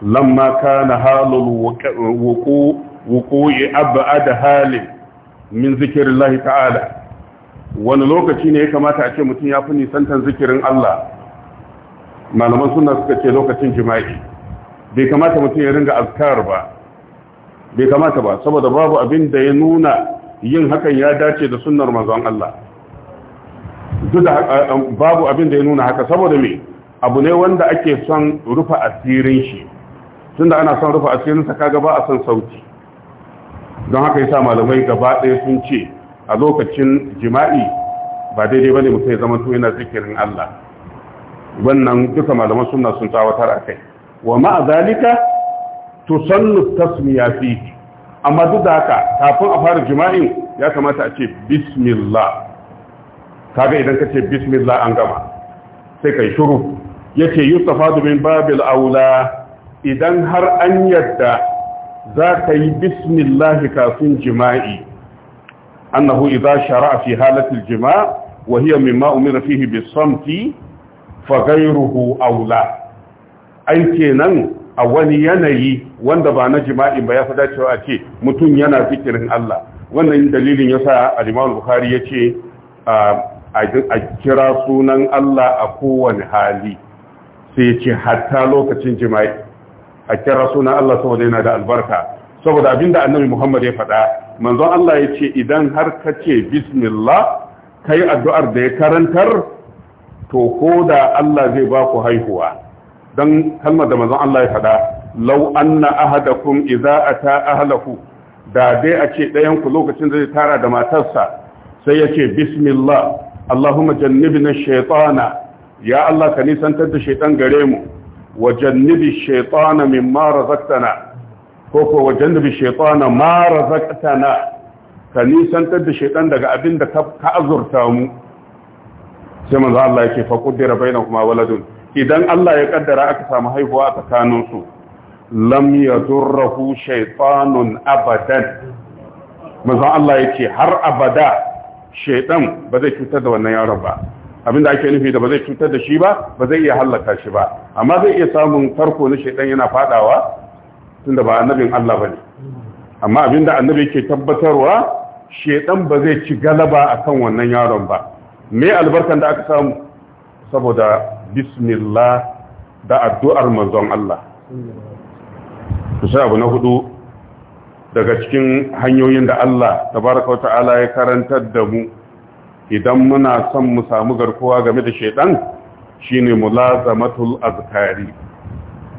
lamma na halul wuqu wuƙo'i abba da halin min zikirin lahi ta'ala wani lokaci ne ya kamata a ce mutum ya fi nisantar zikirin Allah malaman suna suka ce lokacin jima'i bai kamata mutum ya ringa azkar ba bai kamata ba saboda babu abin da ya nuna yin hakan ya dace da sunnar manzon Allah duk da um, babu abin da ya nuna haka saboda me abu ne wanda ake son rufa asirin shi tunda ana son rufa asirin sa kaga ba a son sauti don haka sa malamai gaba ɗaya sun ce a lokacin jima'i ba daidai bane mutum ya zama to yana zikirin Allah wannan duka malaman sunna sun a kai. wa ma zalika tusannu tasmiya fi. amma duk da haka kafin a fara jima'in ya kamata a ce bismillah kaga idan ka ce bismillah an gama sai kai shiru yace yustafadu min babil aula idan har an yadda za ka yi bismillahi kafin jima'i annahu idza shara'a fi halatil jima' wa hiya mimma umira fihi bisamti fa ghayruhu aula ai kenan a wani yanayi wanda ba na jima'i ba ya fi cewa a ce mutum yana fikirin Allah wannan dalilin yasa al-Imam Bukhari yace a kira sunan Allah a kowane hali sai ce hatta lokacin jima'i a kira sunan Allah saboda yana da albarka saboda abinda annabi Muhammad ya faɗa manzon Allah ya ce idan har ka ce bismillah kai addu'ar da ya karantar to ko da Allah zai ba ku haihuwa dan kalmar da manzon Allah ya faɗa law anna ahadakum idza ata ahlahu da dai a ce dayan ku lokacin da zai tara da matarsa sai ya ce bismillah Allahumma jannibna shaytana ya Allah ka nisantar da shaytan gare mu wa jannibi shaytana mimma razaqtana ko ko wa jannibi shaytana ma razaqtana ka nisantar da shaytan daga abinda da ka azurta mu sai manzo Allah yake fa qaddara bainakuma waladun idan Allah ya ƙaddara aka samu haihuwa a tsakanin su lam yadurruhu shaytanun abadan manzo Allah yake har abada shaytan ba zai cutar da wannan yaron ba Abin da ake nufi da ba zai cutar da shi ba ba zai iya hallaka shi ba amma zai iya samun farko na shaidan yana fadawa tunda ba annabin Allah bane amma abin da annabi yake tabbatarwa shaidan ba zai ci galaba akan wannan yaron ba me albarkan da aka samu saboda bismillah da addu'ar manzon Allah sai abu na hudu daga cikin hanyoyin da Allah tabaraka wa ta'ala ya karantar da mu idan muna son mu samu garkuwa game da shaidan shine mulazamatul azkari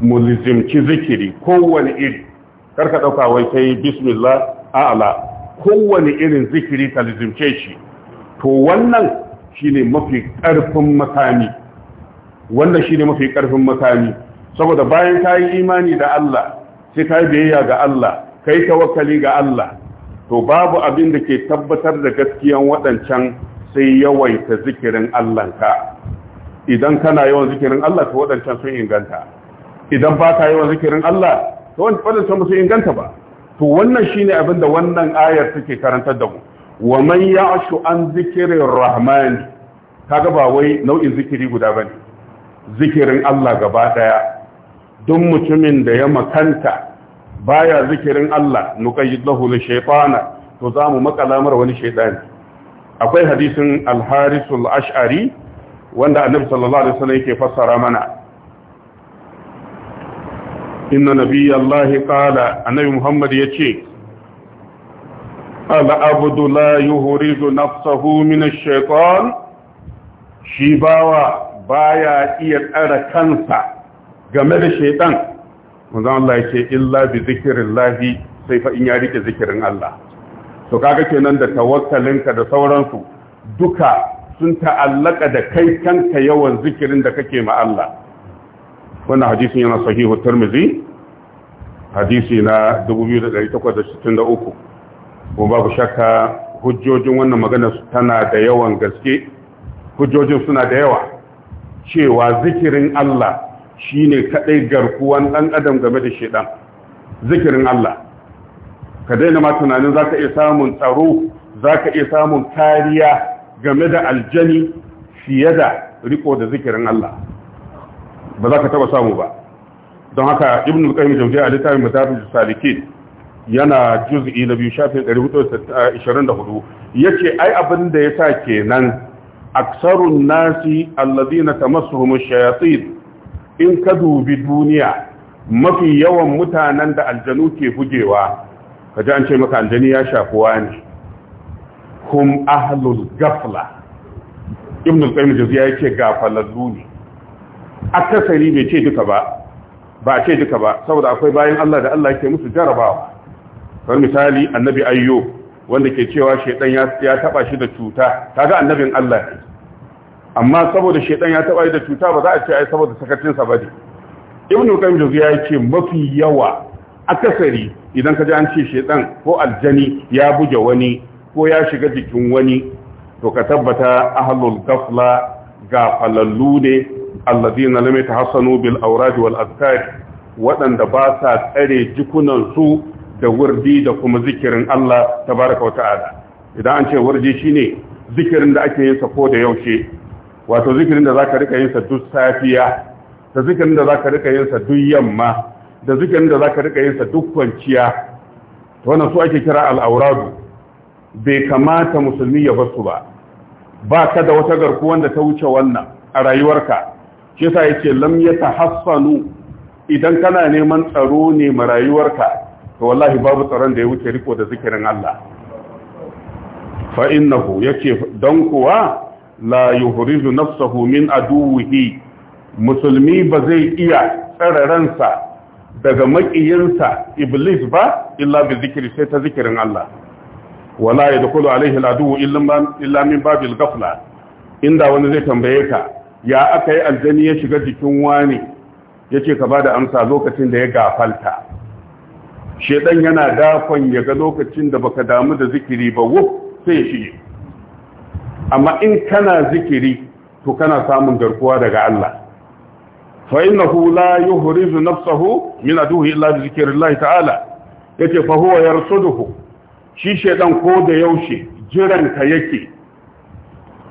lizimci zikiri kowane iri karka dauka wai kai bismillah a'la kowane irin zikiri ka lizimce shi to wannan shine mafi karfin makami wannan shine mafi karfin makami saboda bayan kayi imani da Allah sai kai biyayya ga Allah kai tawakkali ga Allah to babu abin da ke tabbatar da gaskiyan waɗancan sai yawaita zikirin Allahnka idan kana yawan zikirin Allah to waɗancan sun inganta idan ba ka yawan zikirin Allah to waɗancan sun inganta ba to wannan shine abin da wannan ayar take karantar da mu wa man ya'shu an zikirir rahman kaga ba wai nau'in zikiri guda bane zikirin Allah gaba daya duk mutumin da ya makanta baya zikirin Allah nuqayyid lishaytana to zamu makalamar wani shaytani akwai hadisin al ash'ari wanda annabi sallallahu alaihi wasallam yake fassara mana inna nabiyallahi qala annabi muhammad yace al abdu la yuhridu nafsahu min ash-shaytan shi bawa baya iya tsara kansa game da shaytan manzo Allah yace illa bi zikrillahi sai fa in ya rike zikirin Allah to kaga kenan da tawakkalinka da sauransu duka sun ta'allaka da kai kanka yawan zikirin da kake ma Allah wannan hadisin yana sahihu Tirmidhi hadisi na 2863 kuma babu shakka hujjojin wannan magana tana da yawan gaske hujjojin suna da yawa cewa zikirin Allah shine kadai garkuwan dan adam game da shedan zikirin Allah ka daina ma tunanin za ka iya samun tsaro za ka iya samun kariya game da aljani fiye da riko da zikirin Allah ba za ka taba samu ba don haka ibn al-qayyim jawziya a littafin madarij salikin yana juz'i na biyu shafin 424 yace ai abin da yasa kenan aksarun nasi alladhina tamassuhum ash-shayatin in ka dubi duniya mafi yawan mutanen da aljanu ke bugewa kaji an ce maka aljani ya shafi wani kum ahlul gafla ibn al-qayyim jaziya yake gafalallu ne akasari bai ce duka ba ba ce duka ba saboda akwai bayan Allah da Allah yake musu jarabawa kamar misali annabi Ayyo wanda ke cewa shedan ya ya taba shi da cuta kaga annabin Allah ne amma saboda shedan ya taba shi da cuta ba za a ce ai saboda sakatin sa bane ibn al-qayyim jaziya yake mafi yawa akasari idan ka ji an ce shaitan ko aljani ya buge wani ko ya shiga jikin wani to ka tabbata ahlul gafla ga falallu ne alladina lam yatahassanu bil awrad wal azkar waɗanda ba sa tsare jikunan su da wurdi da kuma zikirin Allah tabaraka wa ta'ala idan an ce wurdi shine zikirin da ake yin sa ko da yaushe wato zikirin da zaka rika yin sa duk safiya da zikirin da zaka rika yin sa duk yamma da zikirin da za ka rika yin sa duk kwanciya wannan su ake kira al'auradu bai kamata musulmi ya basu ba ba ka da wata garku da ta wuce wannan a rayuwarka shi sa yace lam yatahassanu idan kana neman tsaro ne ma rayuwarka to wallahi babu tsaron da ya wuce riko da zikirin Allah fa innahu yace dan kuwa la yuhrizu nafsahu min aduwwihi musulmi ba zai iya tsare ransa daga makiyinsa iblis ba illa bi zikiri sai ta zikirin Allah wala yadkhulu alaihi aladu illa min babil ghafla inda wani zai tambaye ka ya aka yi aljani ya shiga jikin wani yace ka bada amsa lokacin da ya gafalta shedan yana dakon ya ga lokacin da baka damu da zikiri ba wuf sai ya shige amma in kana zikiri to kana samun garkuwa daga Allah fa innahu la yuhrizu nafsahu min aduhi illa bi zikrillah ta'ala yace fa huwa yarsuduhu shi shedan ko da yaushe jiran ka yake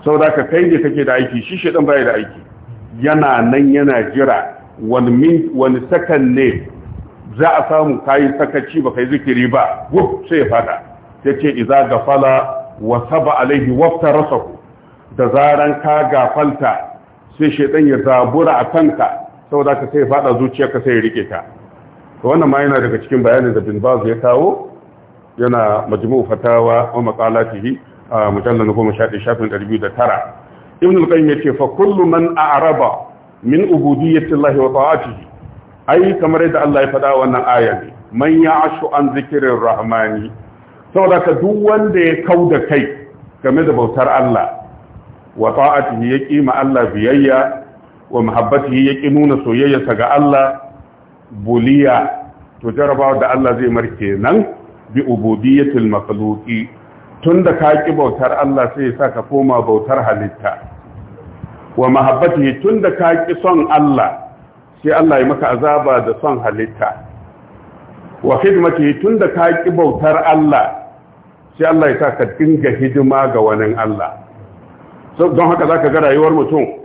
saboda ka kai ne kake da aiki shi shedan bai da aiki yana nan yana jira wani min wani sakan ne za a samu kayi sakaci baka yi zikiri ba wuf sai ya fada yace idza gafala wa saba alaihi wafta rasahu da zaran ka gafalta sai shaidan ya zabura a kanka saboda ka sai fada zuciya ka sai rike ta to wannan ma yana daga cikin bayanin da bin bazu ya kawo yana majmu'u fatawa wa maqalatihi a mujallal 11 shafin 209 ibn al-qayyim yace fa kullu man a'raba min ubudiyyati llahi wa ta'atihi ai kamar yadda Allah ya faɗa wannan aya ne man ya'ashu an zikirin rahmani saboda ka duk wanda ya kauda kai game da bautar Allah wa ta'atihi ya kima Allah biyayya wa mahabbati ya ƙi nuna soyayyarsa ga Allah buliya to jarabawa da Allah zai marke nan bi ubudiyatil makhluqi tunda ka ƙi bautar Allah sai ya ka koma bautar halitta wa mahabbati tunda ka ƙi son Allah sai Allah ya maka azaba da son halitta wa khidmati tunda ka ƙi bautar Allah sai Allah ya sa ka dinga hidima ga wani Allah don haka zaka ga rayuwar mutum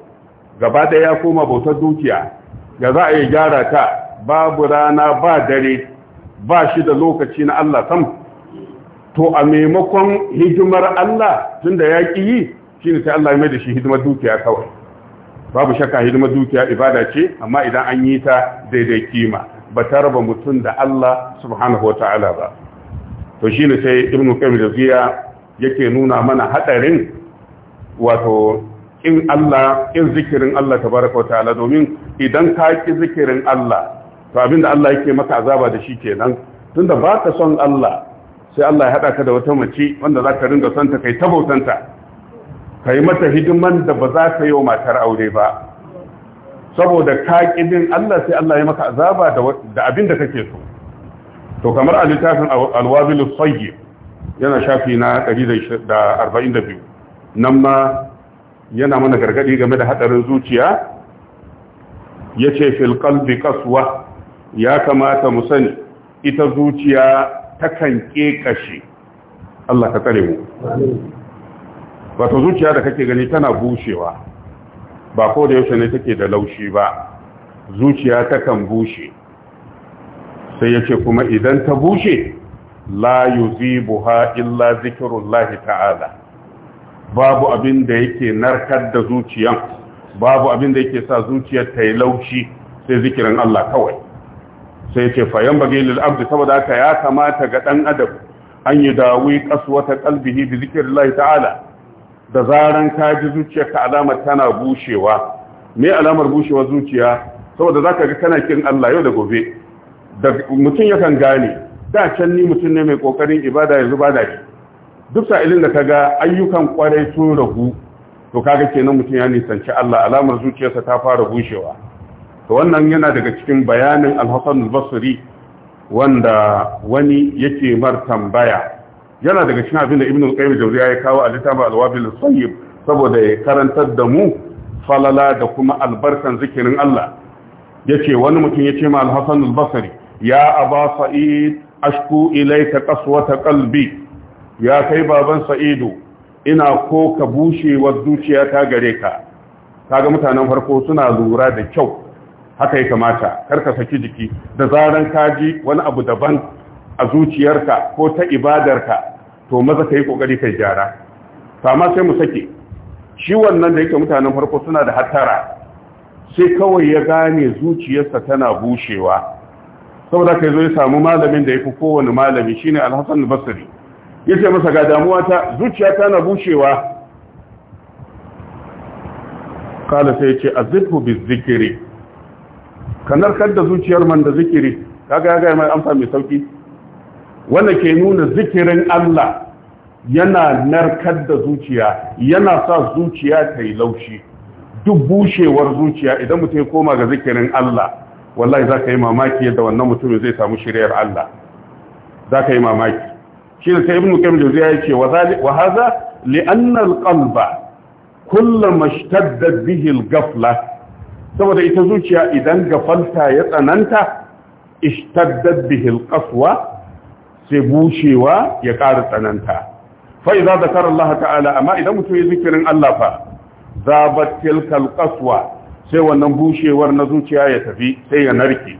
gaba ɗaya ya koma bautar dukiya ga za a yi gyara ta babu rana ba dare ba shi da lokaci na Allah sam to a maimakon hidimar Allah tunda ya ƙi yi ne sai Allah ya mai da shi hidimar dukiya kawai babu shakka hidimar dukiya ibada ce amma idan an yi ta daidai kima ba ta raba mutum da Allah subhanahu wa ta'ala ba to ne sai ibnu qayyim da yake nuna mana hadarin wato in Allah in zikirin Allah tabaraka wa ta'ala domin idan ka ki zikirin Allah to abinda Allah yake maka azaba da shi kenan tunda baka son Allah sai Allah ya hada ka da wata mace wanda ka ringa son ta kai tabautanta yi mata hidiman da ba za ka yi wa matar aure ba saboda ka ki bin Allah sai Allah ya maka azaba da abinda kake so to kamar a littafin alwabil sayyid yana shafi na 142 nan ma yana mana gargadi game da hadarin zuciya yace fil qalbi kasuwa ya kamata mu sani ita zuciya takan kekashe Allah ka tsare mu wato zuciya da kake gani tana bushewa ba ko da yaushe ne take da laushi ba zuciya takan bushe sai yace kuma idan ta bushe la yuzibuha illa zikrullahi ta'ala babu abin da yake narkar da zuciyan babu abin da yake sa zuciyar ta yi laushi sai zikirin Allah kawai sai ce fayan bage lil abdi saboda haka ya kamata ga dan adam an yi dawi kaswata kalbihi bi zikrillahi ta'ala da zaran ka ji zuciyar ka alamar tana bushewa me alamar bushewar zuciya saboda zaka ga kana kin Allah yau da gobe da mutum yakan gane da can ni mutum ne mai kokarin ibada yanzu ba da shi duk sa'ilin da ka ga ayyukan kwarai sun ragu to kaga kenan mutum ya nisanci Allah alamar zuciyarsa ta fara bushewa to wannan yana daga cikin bayanin al-Hasan al-Basri wanda wani yake mar tambaya yana daga cikin abin da Ibn al-Qayyim Jawziya ya kawo a littafin al-Wabil saboda ya karantar da mu falala da kuma albarkan zikirin Allah yace wani mutum yace ma al-Hasan al-Basri ya Aba Sa'id ashku ilayka qaswata qalbi ya kai baban sa'idu ina ko ka bushewar zuciya ta gare ka kaga mutanen farko suna lura da kyau haka ya kamata karka saki jiki da zaran ka ji wani abu daban a zuciyarka ko ta ibadarka to maza ka yi kokari kai gyara amma sai mu sake shi wannan da yake mutanen farko suna da hattara sai kawai ya gane zuciyarsa tana bushewa saboda kai zo ya samu malamin da ya fi kowane malami shine alhassan basri ce masa ga damuwa ta zuciya ta na bushewa kala sai yace azibhu bizikri kanar kadda zuciyar man da zikiri kaga ga mai amsa mai sauki wanda ke nuna zikirin Allah yana narkar da zuciya yana sa zuciya ta yi laushi duk bushewar zuciya idan mutum ya koma ga zikirin Allah wallahi za ka yi mamaki yadda wannan mutumin zai samu shiryar Allah za ka yi mamaki shi ne sai ibn qayyim jawziya yake wa hadha li anna al-qalba kullama ishtaddat bihi al-ghafla saboda ita zuciya idan gafalta ya tsananta ishtaddat bihi al-qaswa sai bushewa ya ƙara tsananta fa idza zakara Allah ta'ala amma idan mutum ya zikirin Allah fa zabat tilka al-qaswa sai wannan bushewar na zuciya ya tafi sai ya narke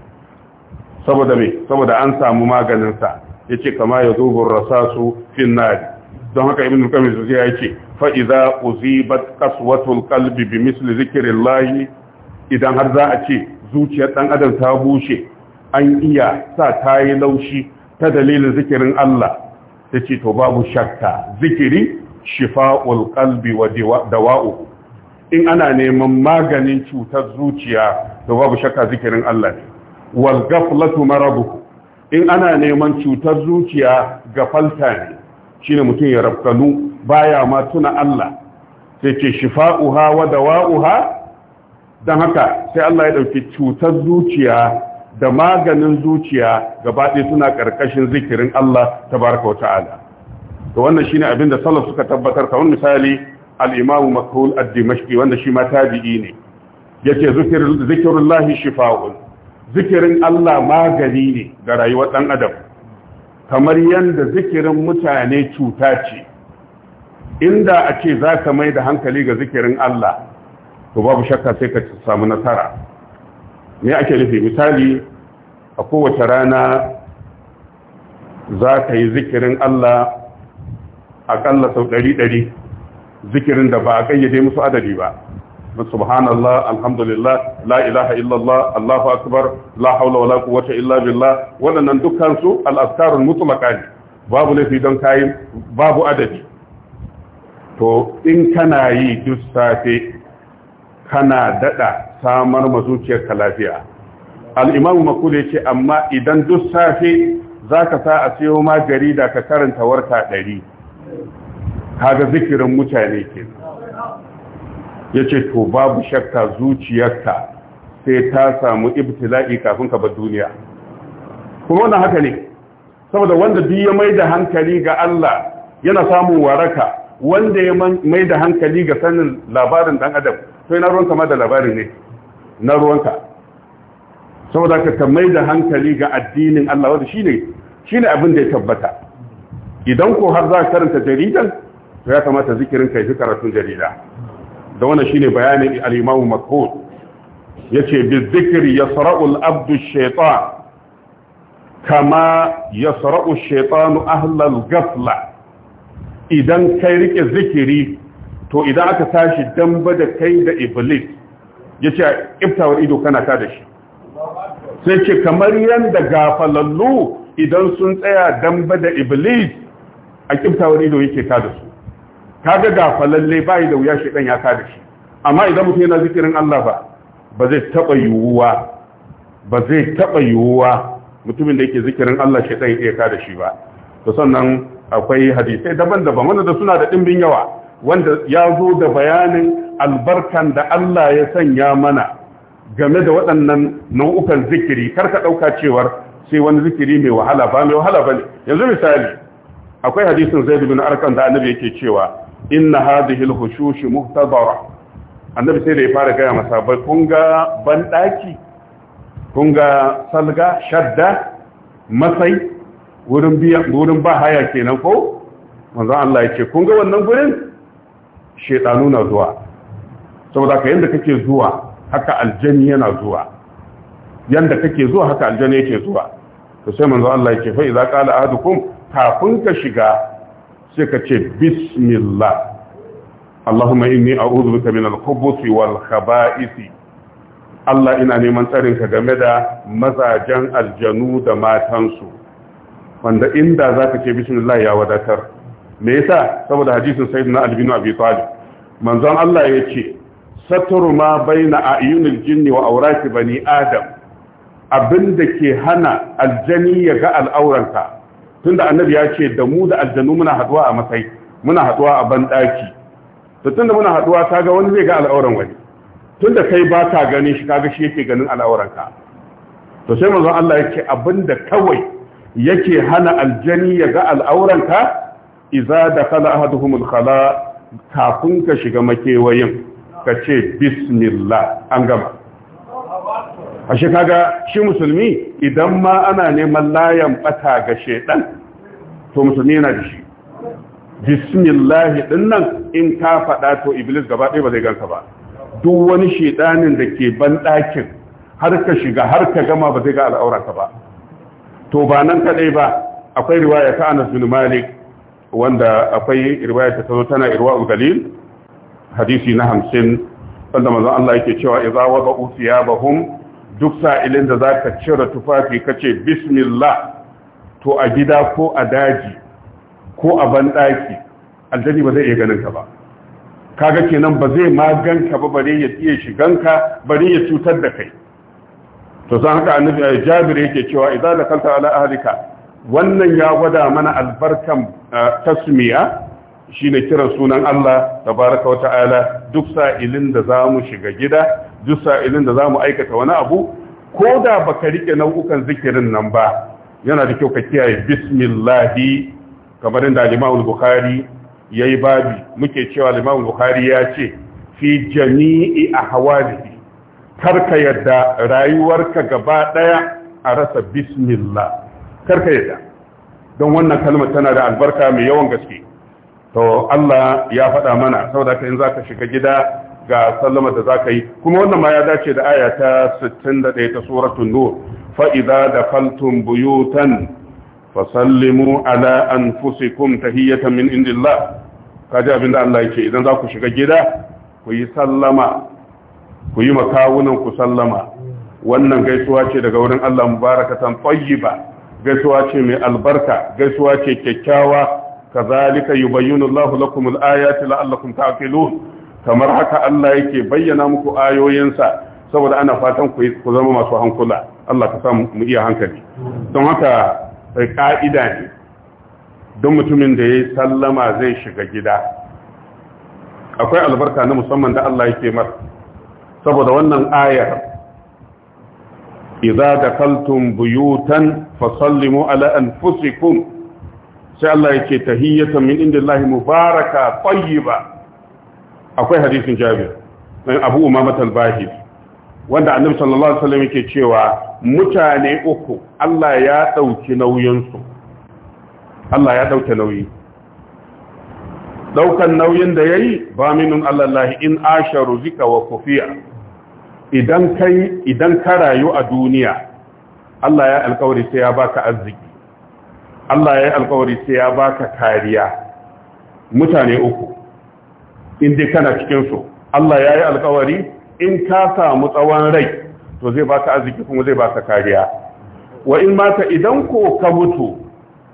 saboda me saboda an samu maganin sa yace kama yazubu su fin nar don haka ibn qamis ya yace fa'iza, idza uzibat qaswatul qalbi bi misli zikrillah idan har za a ce zuciyar dan adam ta bushe an iya sa ta yi laushi ta dalilin zikirin Allah ce to babu shakka zikiri shifa'ul qalbi wa dawa'uhu in ana neman maganin cutar zuciya to babu shakka zikirin Allah ne wal ghaflatu in ana neman cutar zuciya ga falta ne shine mutum ya rafkanu baya ma tuna Allah sai ce shifa'uha wa dawa'uha Don haka sai Allah ya ɗauki cutar zuciya da maganin zuciya gaba ɗaya suna ƙarƙashin zikirin Allah baraka wa ta'ala to wannan shine abin da salaf suka tabbatar kamar misali al-Imam Makhul ad-Dimashqi wanda shi ma tabi'i ne yace zikrullahi shifa'un zikirin Allah magani ne ga rayuwar ɗan adam kamar yadda zikirin mutane cuta ce inda a ce za ka mai da hankali ga zikirin Allah to babu shakka sai ka samu nasara me ake nufi misali a kowace rana za ka yi zikirin Allah aƙalla sau ɗari-ɗari zikirin da ba a ƙayyade musu adadi ba subhanallah alhamdulillah la ilaha illallah allahu akbar la haula wala quwwata illa billah waɗannan dukkan su al-azkarul mutlaqa ne babu laifi don kayi babu adadi to in kana yi duk safe kana dada samar ka lafiya al'imamu makul ya ce amma idan duk safe za ka sa a siyo ma jarida ka karanta warta ɗari kaga zikirin mutane kenan. ya ce to babu shakka zuciyarka sai ta samu ibtila'i kafin ka bar duniya kuma wannan haka ne saboda wanda duk ya mai da hankali ga Allah yana samun waraka wanda ya mai da hankali ga sanin labarin dan adam to yana ruwanka ma da labarin ne na ruwanka saboda ka ka mai da hankali ga addinin Allah wanda shine shine abin da ya tabbata idan ko har za ka karanta jaridan to ya kamata zikirin kai fi karatun jarida da wannan shine bayanin al-Imam Ya yace bi dhikri yasra'u al-abdu shaytan kama ya ash Shaitanu ahlal al idan kai rike zikiri to idan aka tashi damba da kai da iblis yace iftawar ido kana ta da shi sai ce kamar yadda gafalallu idan sun tsaya damba da iblis a kiftawar ido yake ta da su Ka ga falalle bai da wuya shedan ya ka da shi amma idan mutum yana zikirin Allah ba ba zai taba yiwuwa ba zai taba yuwa mutumin da yake zikirin Allah shedan ya ka da shi ba to sannan akwai hadisi. daban-daban wanda da suna da dimbin yawa wanda ya zo da bayanin albarkan da Allah ya sanya mana game da waɗannan nau'ukan zikiri kar ka ɗauka cewar sai wani zikiri mai wahala ba mai wahala ba ne yanzu misali akwai hadisin zai bin arkan da annabi yake cewa inna hadhihi al-hushush muhtadara annabi sai da ya fara gaya masa bai kun ga ban daki kun ga salga shadda masai wurin biya wurin ba haya kenan ko manzo Allah yake kun ga wannan gurin shedanu na zuwa saboda kai yanda kake zuwa haka aljani yana zuwa yanda kake zuwa haka aljani yake zuwa to sai manzo Allah yake fa idza qala ahadukum kafin ka shiga sai ka ce bismillah Allahumma inni a'udhu bika min al-khubuthi wal khaba'isi Allah ina neman tsarin ka game da mazajen aljanu da matansu wanda inda zaka ce bismillah ya wadatar me yasa saboda hadisin sayyidina Ali bin Abi Talib manzon Allah yace satru ma baina a'yunil jinni wa awrati bani adam abinda ke hana aljani ya ga al'auranka tunda annabi ya ce da mu da aljanu muna haduwa a matsayi muna haduwa a bandaki to tunda muna haduwa kaga wani zai ga al'auran wani tunda kai ba ka ganin shi kaga shi yake ganin al'auranka to sai manzon Allah yake abinda kawai yake hana aljani ya ga al'auranka idza dakala ahaduhum alkhala kafin ka shiga makewayin ka ce bismillah an gama ashe kaga shi musulmi idan ma ana neman layan bata ga shedan to musulmi yana da shi bismillahi dinnan in ka fada to iblis gaba ɗaya ba zai ganka ba duk wani shedanin da ke ban ɗakin har ka shiga har ka gama ba zai ga ka ba to ba nan kaɗai ba akwai riwaya ta Anas bin Malik wanda akwai riwaya ta zo tana irwa galil hadisi na 50 wanda manzon Allah yake cewa idza wada'u thiyabahum duk sa'ilin da za ka cire tufafi ka ce bismillah to a gida ko a daji ko a banɗaki aljani ba zai iya ganin ka ba kaga kenan ba zai ka ba bare ya iya shiganka bare ya cutar da kai to san haka annabi eh, Jabir yake cewa idan da kanta ala ahlika wannan ya gwada mana albarkan eh, tasmiya Shi ne kiran sunan Allah baraka wa ta'ala duk sa'ilin da zamu shiga gida duk sa'ilin da zamu aikata wani abu ko da ba ka rike nau'ukan zikirin nan ba yana da kyau ka kiyaye bismillahi kamar inda limamun imam ya yi babi muke cewa limamun buhari ya ce fi jami'i a ahwalihi karka yadda rayuwarka gaba daya a rasa bismillah karka yadda don wannan kalmar tana da albarka mai yawan gaske to Allah ya faɗa mana saboda ka in za ka shiga gida ga sallama da za ka yi kuma wannan ma ya dace da aya ta 61 ta suratul nur fa idza dafaltum buyutan fasallimu ala anfusikum tahiyatan min indillah kaji abinda Allah yake idan za ku shiga gida ku yi sallama ku yi makawunan ku sallama wannan gaisuwa ce daga wurin Allah mubarakatan tayyiba gaisuwa ce mai albarka gaisuwa ce kyakkyawa Kazali yubayyinu Allahu lakum al-ayati la'allakum ta'qilun kamar haka Allah yake bayyana muku ayoyinsa saboda ana fatan ku zama masu hankula Allah ka sa mu iya hankali don haka eh, ka'ida ne don mutumin da yayi sallama zai shiga gida akwai albarka na musamman da Allah yake mar saboda wannan ayar idza kaltun buyutan fasallimu ala anfusikum sai Allah yake tahiyyatan min indillahi mubaraka ba. akwai hadisin Jabir dan Abu Umama al wanda Annabi sallallahu alaihi wasallam yake cewa mutane uku Allah ya dauki nauyin Allah ya dauke nauyi daukan nauyin da yayi ba minun Allah in asharu zika wa kufiya idan kai idan ka rayu a duniya Allah ya alkawari sai ya baka arziki Allah ya yi alkawari sai ya baka kariya mutane uku in dai kana cikinsu Allah ya yi alkawari in ka samu tsawon rai to zai baka arziki kuma zai baka kariya wa in mata idan ko ka mutu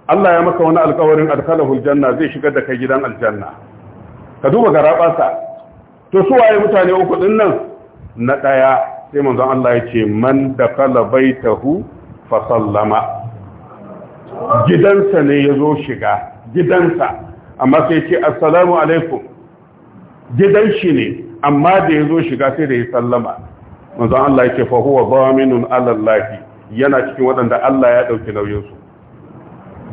Allah ya maka wani alkawarin adkhalahul janna zai shigar da kai gidan aljanna ka duba garaɓasa to su waye mutane uku din nan na daya sai manzon Allah ya ce man dakala baitahu fa sallama gidansa ne ya zo shiga gidansa amma sai ce assalamu alaikum gidan shi ne amma da ya zo shiga sai da ya sallama manzan Allah yake fa huwa zaminun Allah yana cikin waɗanda Allah ya ɗauki nauyinsu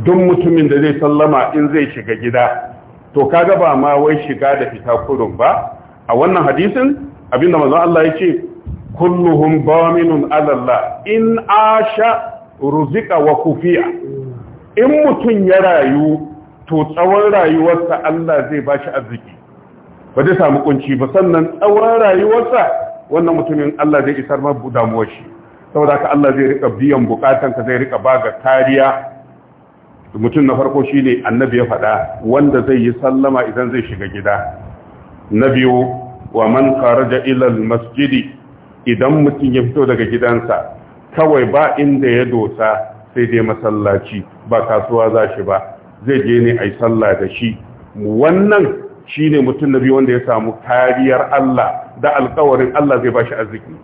don mutumin da zai sallama in zai shiga gida to kaga ba ma wai shiga da fita kudun ba a wannan hadisin abinda manzan Allah yake kulluhun zaminun ala Allah in asha ruzika wa kufiya in mutum ya rayu to tsawon rayuwarsa Allah zai ba shi arziki ba zai samu kunci ba sannan tsawon rayuwarsa wannan mutumin Allah zai isar ma damuwar shi saboda ka Allah zai rika biyan bukatan ka zai rika baga kariya mutum na farko shine annabi ya faɗa wanda zai yi sallama idan zai shiga gida na biyu wa man kharaja ila masjidi idan mutum ya fito daga gidansa kawai ba inda ya dosa sai dai masallaci ba kasuwa za shi ba zai je ne a yi sallah da shi wannan shi ne mutum na biyu wanda ya samu kariyar Allah da alkawarin Allah zai ba shi arziki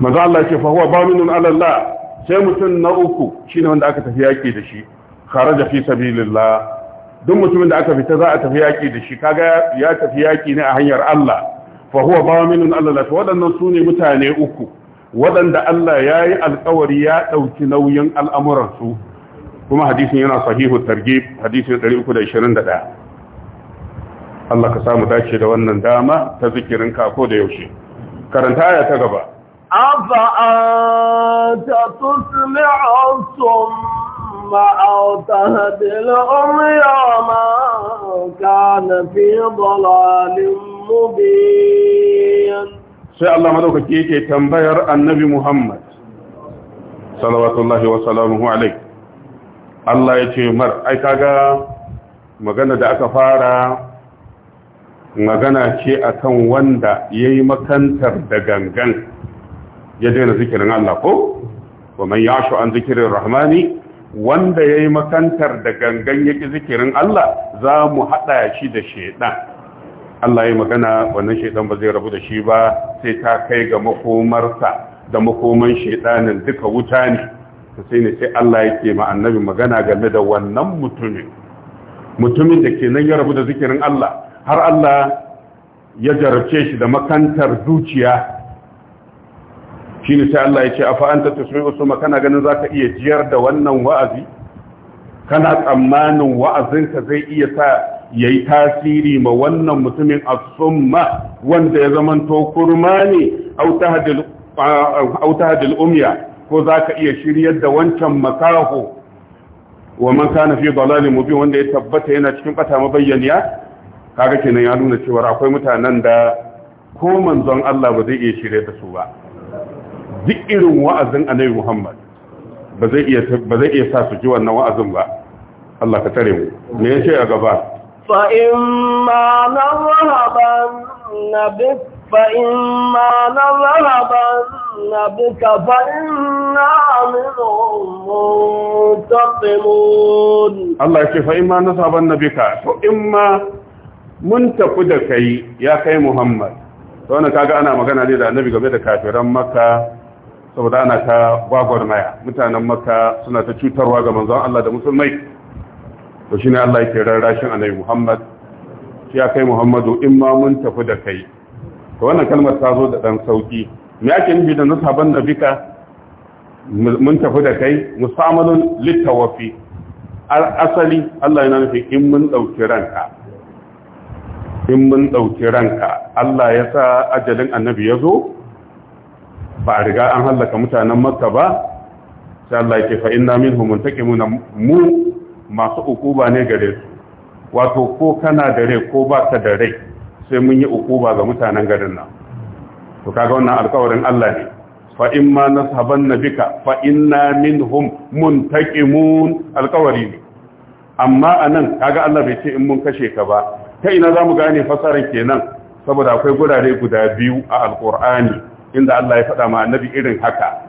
maza Allah ce fahuwa baminun Allah, sai mutum na uku shi ne wanda aka tafi yaƙi da shi kharaja fi sabilillah duk mutumin da aka fita za a tafi yaƙi da shi kaga ya tafi yaƙi ne a hanyar Allah fahuwa baminun Allah, to waɗannan su ne mutane uku waɗanda Allah ya yi alkawari ya ɗauki nauyin al'amuransu kuma hadisin yana sahihu targi hadisin 321 Allah ka samu dace da wannan dama ta zikirin kako da yaushe karanta ya ta gaba afa ma kana fi dhalalin mubin sai Allah madaukaki yake tambayar annabi Muhammad salawatullahi wa salamuhu alaihi Allah ya ce mar ai kaga magana da aka fara magana ce akan wanda yayi makantar da gangan ya daina zikirin Allah ko wa man yashu an zikirin rahmani wanda yayi makantar da gangan yake zikirin Allah za mu hada shi da shedan Allah ya magana wannan shaidan ba zai rabu da shi ba sai ta kai ga makomarsa da makoman shaidanin duka wuta ne sai ne sai Allah ya ma annabi magana game da wannan mutumin mutumin da ke nan ya rabu da zikirin Allah har Allah ya jarabce shi da makantar zuciya shi ne sai Allah ya ce afa anta tusmi'u suma kana ganin zaka iya jiyar da wannan wa'azi kana tsammanin wa'azinka zai iya sa ya yi tasiri ma wannan mutumin asumma wanda ya zamanto kurma ne auta hadil umya ko za ka iya shiryar da wancan makaho wa man kana fi dalalin mubin wanda ya tabbata yana cikin bata mabayyaniya kaga kenan ya nuna cewa akwai mutanen da ko manzon Allah ba zai iya shiryar da su ba duk irin wa'azin Annabi Muhammad ba zai iya ba zai iya sa su ji wannan wa'azin ba Allah ka tare mu me yace a gaba فإما نذهبن بك فإما sabon بك فإنا منهم منتقمون mun tafi da kai ya kai Muhammad to wannan kaga ana magana ne da annabi game da kafiran maka saboda ana ta gwagwarmaya mutanen maka suna ta cutarwa ga manzon Allah da musulmai shi ne Allah yake rarrashin annabi Muhammad ya kai Muhammadu in ma mun tafi da kai to wannan kalmar ta zo da dan sauki me ake nufi da nasaban nabika mun tafi da kai musamalun litawafi asali Allah yana nufi in mun dauki ranka in mun dauki ranka Allah ya sa ajalin annabi ya zo ba a riga an hallaka mutanen makka ba sai Allah ya ce fa inna minhum muntakimuna mu masu ukuba ne gare su wato ko kana da rai ko ba ka da rai sai mun yi ukuba ga mutanen garin nan to kaga wannan alƙawarin Allah ne fa in ma nasaban nabika fa inna minhum muntaqimun alƙawari ne amma anan kaga Allah bai ce in mun kashe ka ba ta ina zamu gane fasarar kenan saboda akwai gurare guda biyu a alƙur'ani inda Allah ya faɗa ma annabi irin haka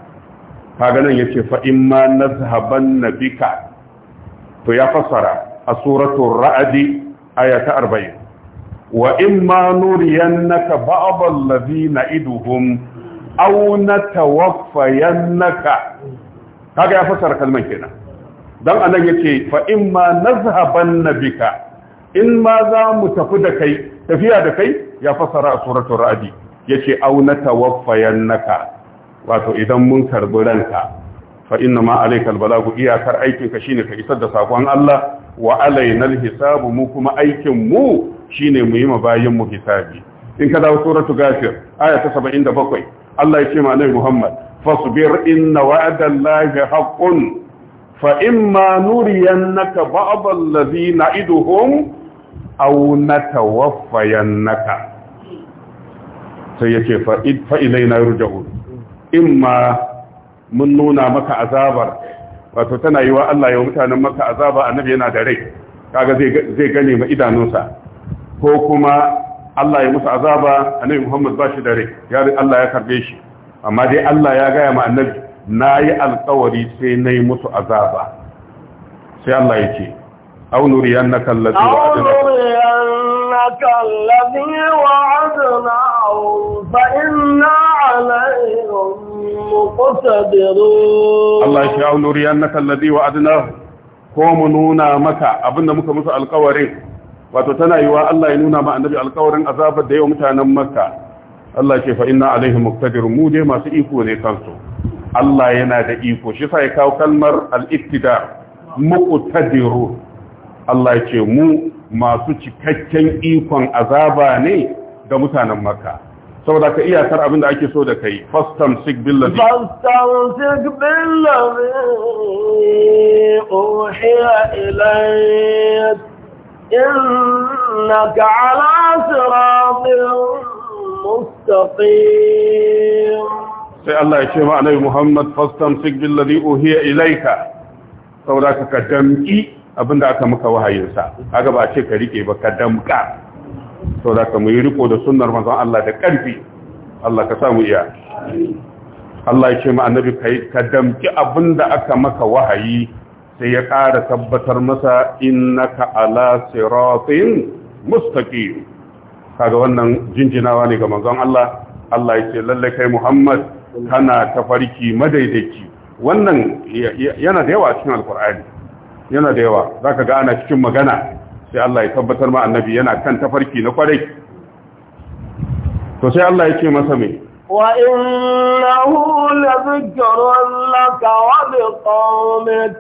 kaga nan yace fa in ma nasaban nabika to ya fassara a suratul ra'adi aya ta 40 wa imma nuriyannaka ba'dal ladina iduhum aw natawaffayannaka kaga ya fassara kalman kenan dan anan yace fa in imma nazhabanna bika in ma za mu tafi da kai tafiya da kai ya fassara a suratul ra'adi yace aw natawaffayannaka wato idan mun karbi ranka fa inna ma alaikal balagu iyakar aikin ka shine ka isar da sakon Allah wa alainal hisabu mu kuma aikin mu shine mu yi ma bayin mu hisabi in ka dawo suratu gafir aya ta 77 Allah ya ce ma annabi Muhammad fasbir inna wa'dallahi haqqun fa imma nuriyannaka ba'd alladhina iduhum aw natawaffayannaka sai yace fa ilaina yurja'un imma mun nuna maka azabar wato tana yi wa Allah ya mutanen maka azaba annabi yana da rai kaga zai gane ma idanunsa ko kuma Allah ya musu azaba annabi Muhammad ba shi da rai ya Allah ya karbe shi amma dai Allah ya gaya ma annabi na yi alkawari sai na yi musu azaba sai Allah ya ce Au نرينك الذي وعدناهم أو نرينك الذي مقتدرون الله يشاء نرينك الذي وعدناه ko mu nuna maka abinda muka musu alƙawarin. wato tana yiwa Allah ya nuna ma annabi alƙawarin azabar da yau mutanen makka Allah ce fa inna alaihi muqtadir mu dai masu iko ne kansu Allah yana da iko shi sai kawo kalmar al-ittidar muqtadiru Allah ya ce mu masu cikakken ikon azaba ne ga mutanen makka saboda ka iya iyakar abin da ake so da kai first time sick fastamsik billazi fastamsik billazi uhiya ilayk innaka ala siratin mustaqim sai Allah ya ce ma annabi Muhammad first time fastamsik billazi uhiya ilayka saboda ka damki abinda aka maka wahayinsa kaga ba ce ka rike ba ka damka to da ka mu riko da sunnar manzon Allah da ƙarfi Allah ka sa iya Allah ya ce ma annabi kai ka damki da aka maka wahayi sai ya ƙara tabbatar masa innaka ala siratin mustaqim kaga wannan jinjinawa ne ga manzon Allah Allah ya ce lalle kai Muhammad kana tafarki madaidaici wannan yana da yawa cikin alqur'ani yana da yawa zaka ga ana cikin magana sai Allah ya tabbatar ma annabi yana kan tafarki na kwarai to sai Allah ya ce masa me wa innahu la dhikrun laka wa liqaumik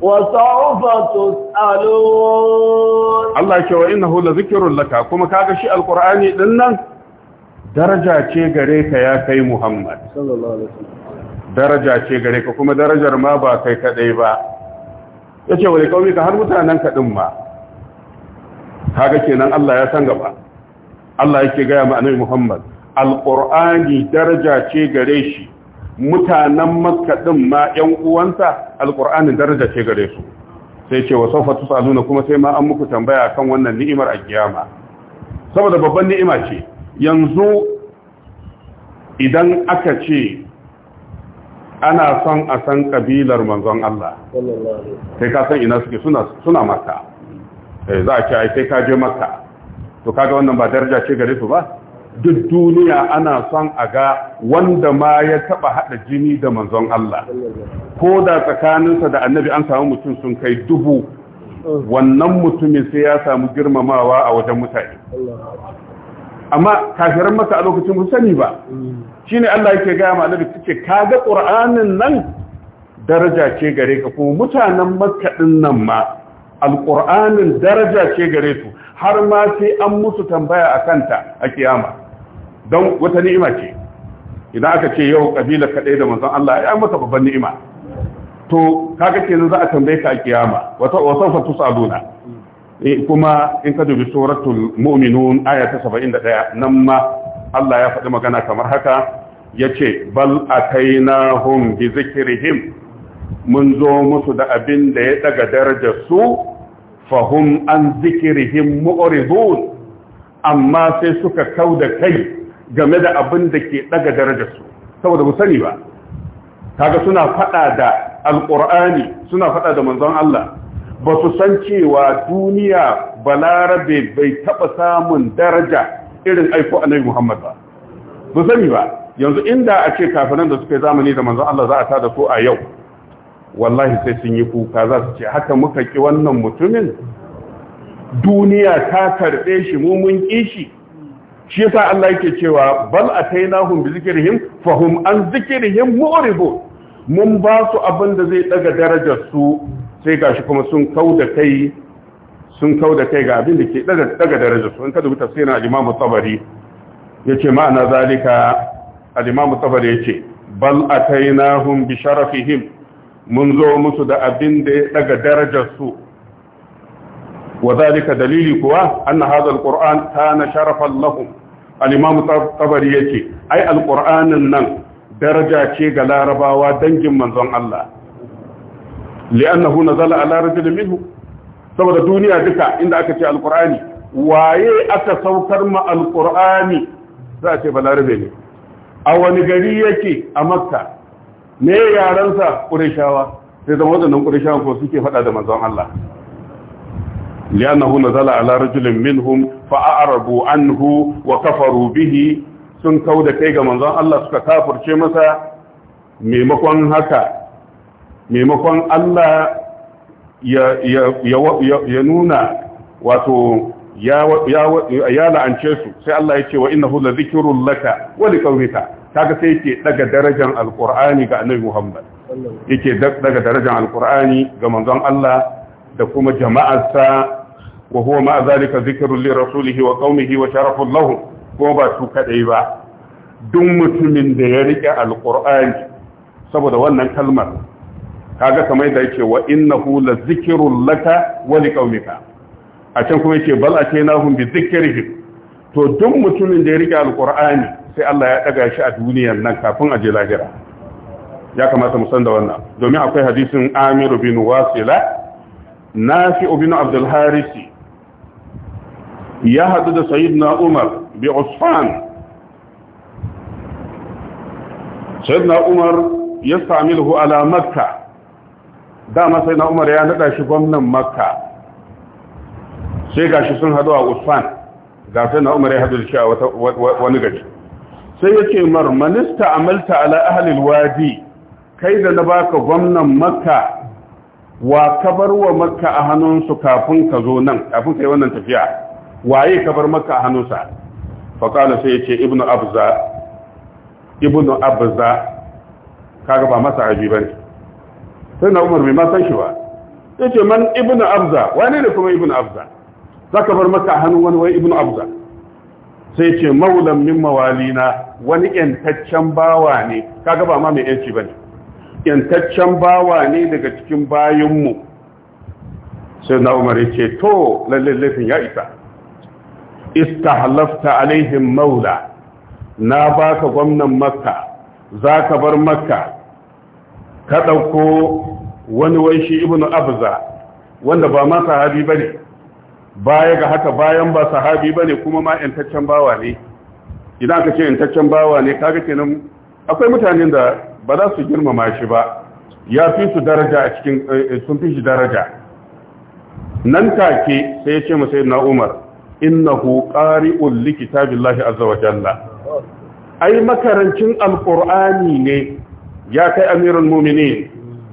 wa sawfa tus'alun Allah ya ce wa innahu la dhikrun laka kuma kaga shi alqur'ani din nan daraja ce gare ka ya kai Muhammad daraja ce gare ka kuma darajar ma ba kai kadai ba yace wa liqaumika har mutanen ka din ma kaga kenan Allah ya san gaba Allah yake gaya ma annabi Muhammad alqur'ani daraja ce gare shi mutanen makka din ma yan uwansa alqur'ani daraja ce gare su sai ce wa sawfa tusaluna kuma sai ma an muku tambaya kan wannan ni'imar alkiyama saboda babban ni'ima ce yanzu idan aka ce ana son a san kabilar manzon Allah sai ka san ina suke suna suna maka Eh, za a ce yi sai ka je to kaga wannan ba daraja ce gare su ba duk duniya ana son a ga wanda ma ya taba hada jini da manzon Allah ko da tsakaninsa da annabi an samu mutum sun kai dubu wannan mutumin sai ya samu girmamawa a wajen mutane amma kafiran masa a lokacin mun sani ba ne Allah yake ga ma annabi kace kaga qur'anin nan daraja ce gare ka kuma mutanen makka nan ma alƙur'anin daraja ce gare su har ma sai an musu tambaya a kanta a kiyama don wata ni'ima ce idan aka ce yau ƙabila kaɗai da manzon Allah ya masa babban ni'ima to kaga kenan za a tambaye ka a kiyama wata wata fa tusaluna eh, kuma in ka dubi suratul mu'minun aya ta 71 nan ma Allah ya faɗi magana kamar haka yace bal na bi zikrihim mun zo musu da abin da ya daga daraja su fahum an zikirihim mu'ridun amma sai suka kau da kai game da abin da ke daga darajar su saboda mu sani ba kaga suna fada da alqur'ani suna fada da manzon Allah ba su san cewa duniya balarabe bai taba samun daraja irin aiko annabi Muhammad ba ba sani ba yanzu inda a ce kafinan da suka yi zamani da manzon Allah za a tada su a yau wallahi sai sun yi kuka za su ce haka muka ki wannan mutumin duniya ta karɓe shi mu mun shi shi yasa Allah yake cewa bal atainahum bi zikrihim hum an zikrihim mu'ribun mun ba su abin da zai daga darajar su sai gashi kuma sun kauda kai sun kauda kai ga abin da ke daga daga darajar su in ka dubi tafsirin al-Imam Tabari yace ma'ana zalika al-Imam Tabari yace bal atainahum bi sharafihim mun zo musu da abin da ya daga darajarsu wa zalika dalili kuwa anna hadha alquran kana sharafan lahum al-imam tabari ai alqur'anin nan daraja ce ga larabawa dangin manzon Allah li'annahu nazala ala rajulin minhu saboda duniya duka inda aka ce alqur'ani waye aka saukar ma alqur'ani za ce balarabe ne a wani gari yake a makka me yaransa ƙurishawa sai zama waɗannan ƙurishawa ko suke faɗa da manzon Allah li'annahu nazala ala rajulin minhum a'rabu anhu wa kafaru bihi sun kauda kai ga manzon Allah suka kafirce masa maimakon haka maimakon Allah ya nuna wato ya la'ance su sai Allah ya ce wa innahu hula zikirun laka wa ta ga sai yake daga darajar alqur'ani ga annabi Muhammad yake daga darajar alqur'ani ga manzon Allah da kuma jama'arsa wa huwa ma zalika zikrun li rasulihi wa qaumihi wa sharafun lahu. kuma ba su kadai ba duk mutumin da ya rike alqur'ani saboda wannan kalmar kaga kamar da yake wa innahu la zikrun laka wa liqaumika a can kuma yake bal atainahum bi dhikrihim to duk mutumin da ya rike alqur'ani sai Allah ya daga shi a duniyar nan kafin a je lahira ya kamata mu san da wannan domin akwai hadisin Amir bin Wasila Nafi bin Abdul Harisi ya hadu da Sayyidina Umar bi Usfan Sayyidina Umar ya samilu ala Makka dama Sayyidina Umar ya nada shi gwamnan Makka sai gashi sun hadu a usman ga sai na umar ya hadu da shi a wani gaji. sai ya ce mar manista amalta ala ahalil wadi kai da na baka gwamnan makka wa kabar wa makka a hannunsu kafin ka zo nan kafin ka yi wannan tafiya waye kabar makka a hannunsa faƙala sai ya ce ibnu abza ibnu abza kaga ba masa haji ba ne sai na umar mai masan shi ba ya ce man ibnu abza wane ne kuma ibnu abza zaka bar maka hannun wani wai ibnu abza sai ce maulan min mawalina wani yantaccen bawa ne kaga ba ma mai yanci bane yantaccen bawa ne daga cikin mu sai na umar ce to lalle laifin ya isa istahlafta alaihim maula na baka gwamnan makka zaka bar makka ka dauko wani wai shi ibnu abza wanda ba ma sahabi bane baya ga haka bayan ba sahabi bane kuma ma yantaccen bawa ne idan aka ce yantaccen bawa ne kaga kenan akwai mutanen da ba za su girmama shi ba ya fi su daraja a cikin eh, eh, sun fi shi daraja nan take sai ya ce masa sayyidina Umar innahu qari'ul likitabillahi azza wa jalla ai makarancin alqur'ani ne ya kai amirul mu'minin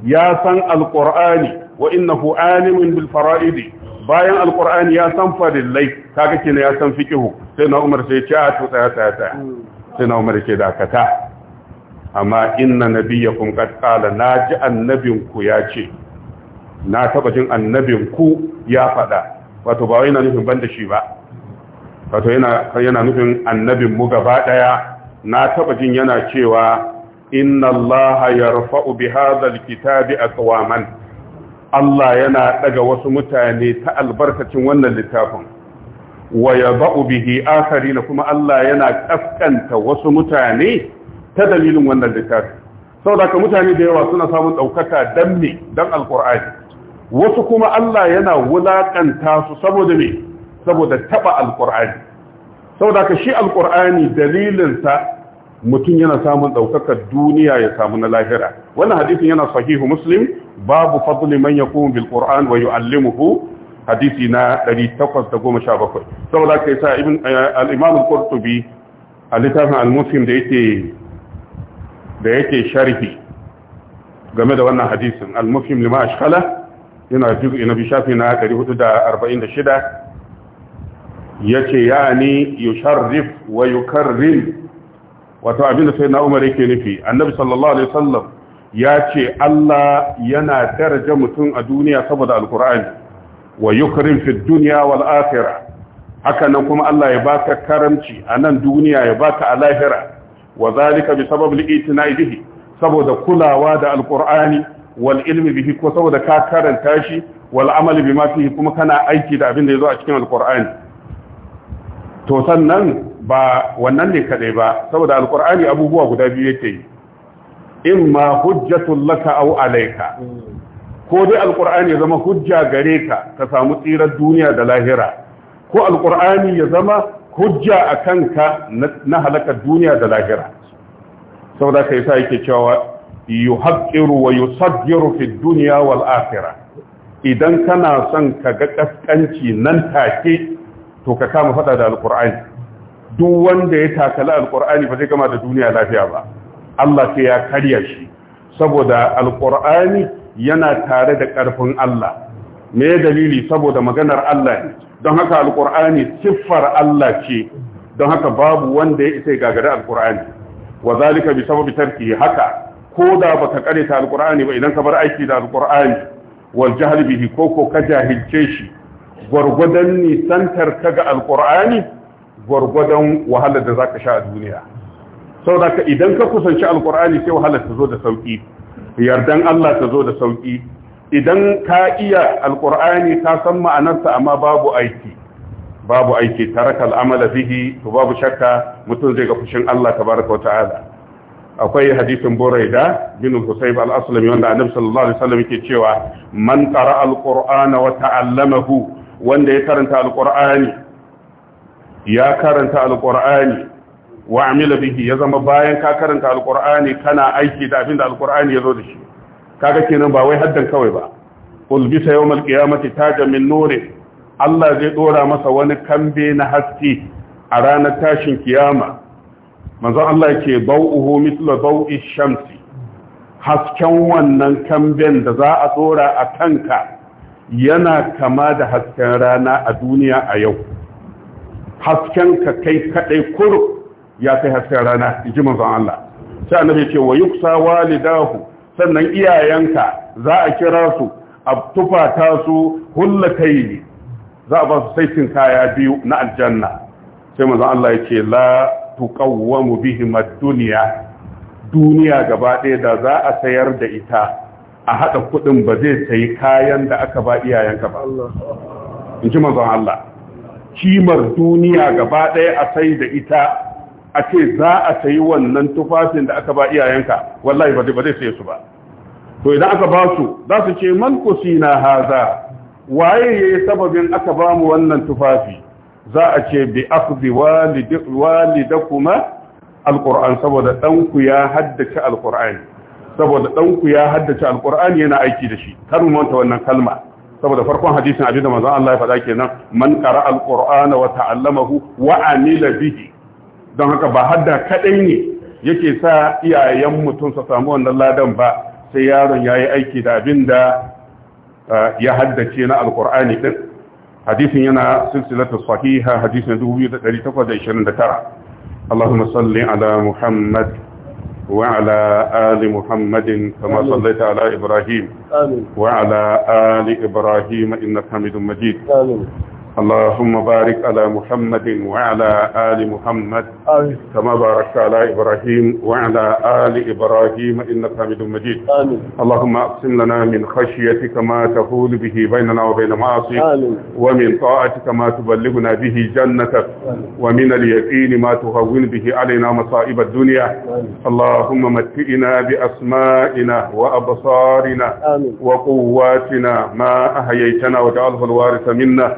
ya san alqur'ani wa innahu alimun bil fara'idi bayan alkur'ani ya san farillai kaga kina ya san fiqihu sai na umar sai ce a ah, to tsaya tsaya tsaya sai na umar ke dakata amma inna nabiyakum qad qala naji annabinku ya ce na taba jin annabinku ya fada wato ba wai yana nufin banda shi ba wato yana yana nufin annabin mu gaba daya na taba jin yana cewa inna allaha yarfa'u bi hadha alkitabi aqwaman Allah yana daga wasu mutane ta albarkacin wannan littafin wa yadau bihi akharin kuma Allah yana kaskanta wasu mutane ta dalilin wannan littafin saboda ka mutane da yawa suna samun daukaka dan me dan alqur'ani wasu kuma Allah yana wulakanta su saboda me saboda taba alqur'ani saboda ka shi alqur'ani dalilin sa mutum yana samun daukakar duniya ya samu na lahira wannan hadisin yana sahihu muslim babu fadli man yaqumu bil qur'an wa yu'allimuhu hadisi na 817 saboda kai sa ibn eh, al-imam al-qurtubi a littafin al-muslim da da yake sharhi game da wannan hadisin al-muslim lima ashkala yana juz'i na shafi na 446 yace yani yusharrif wa yukarrim wato abinda sai na umar yake nufi annabi sallallahu alaihi wasallam ya ce Allah yana daraja mutum a duniya saboda alkur'ani wa yukrim fi dunya wal akhirah haka nan kuma Allah ya baka karamci a nan duniya ya baka a lahira wa zalika bi sabab al bihi saboda kulawa da alkur'ani wal ilmi bihi ko saboda ka karanta shi wal amali bima fihi kuma kana aiki da abin da yazo a cikin alkur'ani to sannan ba wannan ne kadai ba saboda alkur'ani abubuwa guda biyu yake yi imma hujjatun laka aw alayka ko dai alqur'ani ya zama hujja gare ka ka samu tsirar duniya da lahira ko alqur'ani ya zama hujja a kanka na halakar duniya da lahira saboda kai sa yake cewa yuhaqqiru wa yusaggiru fi dunya wal akhirah idan kana son ka ga kaskanci nan take to ka kama fada da alqur'ani duk wanda ya takala alqur'ani ba zai gama da duniya lafiya ba Allah sai ya karya shi saboda alƙur'ani yana tare da ƙarfin Allah me dalili saboda maganar Allah ne don haka alqur'ani siffar Allah ce don haka babu wanda ya isa gagari alqur'ani wa zalika bi sababi tarki haka ko da baka karanta alqur'ani ba idan ka bar aiki da alqur'ani wal jahl bihi ko ko ka jahilce shi gwargwadon nisantar ka ga alqur'ani gwargwadon wahalar da zaka sha a duniya saboda ka idan ka kusanci alkur'ani sai wahala ta zo da sauki yardan Allah ta zo da sauki idan ka iya alkur'ani ka san ma'anarsa amma babu aiki babu aiki tarakal al'amala fihi to babu shakka mutum zai ga fushin Allah tabaraka wa ta'ala akwai hadisin Buraida bin Husayb al-Aslami wanda Annabi sallallahu alaihi wasallam yake cewa man qara al-Qur'ana wa ta'allamahu wanda ya karanta al ya karanta al wa amila bihi ya zama bayan ka karanta alqur'ani kana aiki da abinda alqur'ani zo da shi kaga kenan ba wai haddan kawai ba qul bi yawmal qiyamati tajan min nurin Allah zai dora masa wani kambe na haske a ranar tashin kiyama manzon Allah yake bau'uhu mithla bau'i shamsi hasken wannan kamben da za a dora a kanka yana kama da hasken rana a duniya a yau hasken ka kai kadai kuru ya kai hasken rana ji manzon Allah sai annabi ya ce wa yuksa walidahu sannan iyayenka za a kira su a tufata su hullataini za a ba su saitin kaya biyu na aljanna sai manzon Allah ya ce la tuqawwamu mu dunya duniya gaba ɗaya da za a sayar da ita a haɗa kuɗin ba zai sayi kayan da aka ba iyayenka ba in ji Allah kimar duniya gaba ɗaya a sai da ita a ce za a sayi wannan tufafin da aka ba iyayenka wallahi ba zai saye su ba to idan aka ba su za su ce man na haza waye yayi sababin aka ba mu wannan tufafi za a ce bi akhdhi kuma alquran saboda ɗanku ya haddace alqur'ani saboda ɗanku ya haddace alqur'ani yana aiki da shi kar mu manta wannan kalma saboda farkon hadisin abinda manzon Allah ya faɗa kenan man qara alqur'ana wa ta'allamahu wa amila bihi don haka ba hadda kadai ne yake sa iyayen mutum su samu wannan ladan ba sai yaron ya yi aiki da abin da ya haddace na alkur'ani ɗin. hadisin yana silsilatu sahiha hadisin 2829 Allahumma salli ala Muhammad وعلى آل محمد كما آمين. صليت على إبراهيم آمين. وعلى آل إبراهيم إنك حميد مجيد آمين. اللهم بارك على محمد وعلى آل محمد آمين. كما بارك على إبراهيم وعلى آل إبراهيم إنك حميد مجيد آمين. اللهم أقسم لنا من خشيتك ما تقول به بيننا وبين معاصيك ومن طاعتك ما تبلغنا به جنتك آمين. ومن اليقين ما تهون به علينا مصائب الدنيا اللهم متئنا بأسمائنا وأبصارنا وقواتنا ما أهيتنا وجعله الوارث منا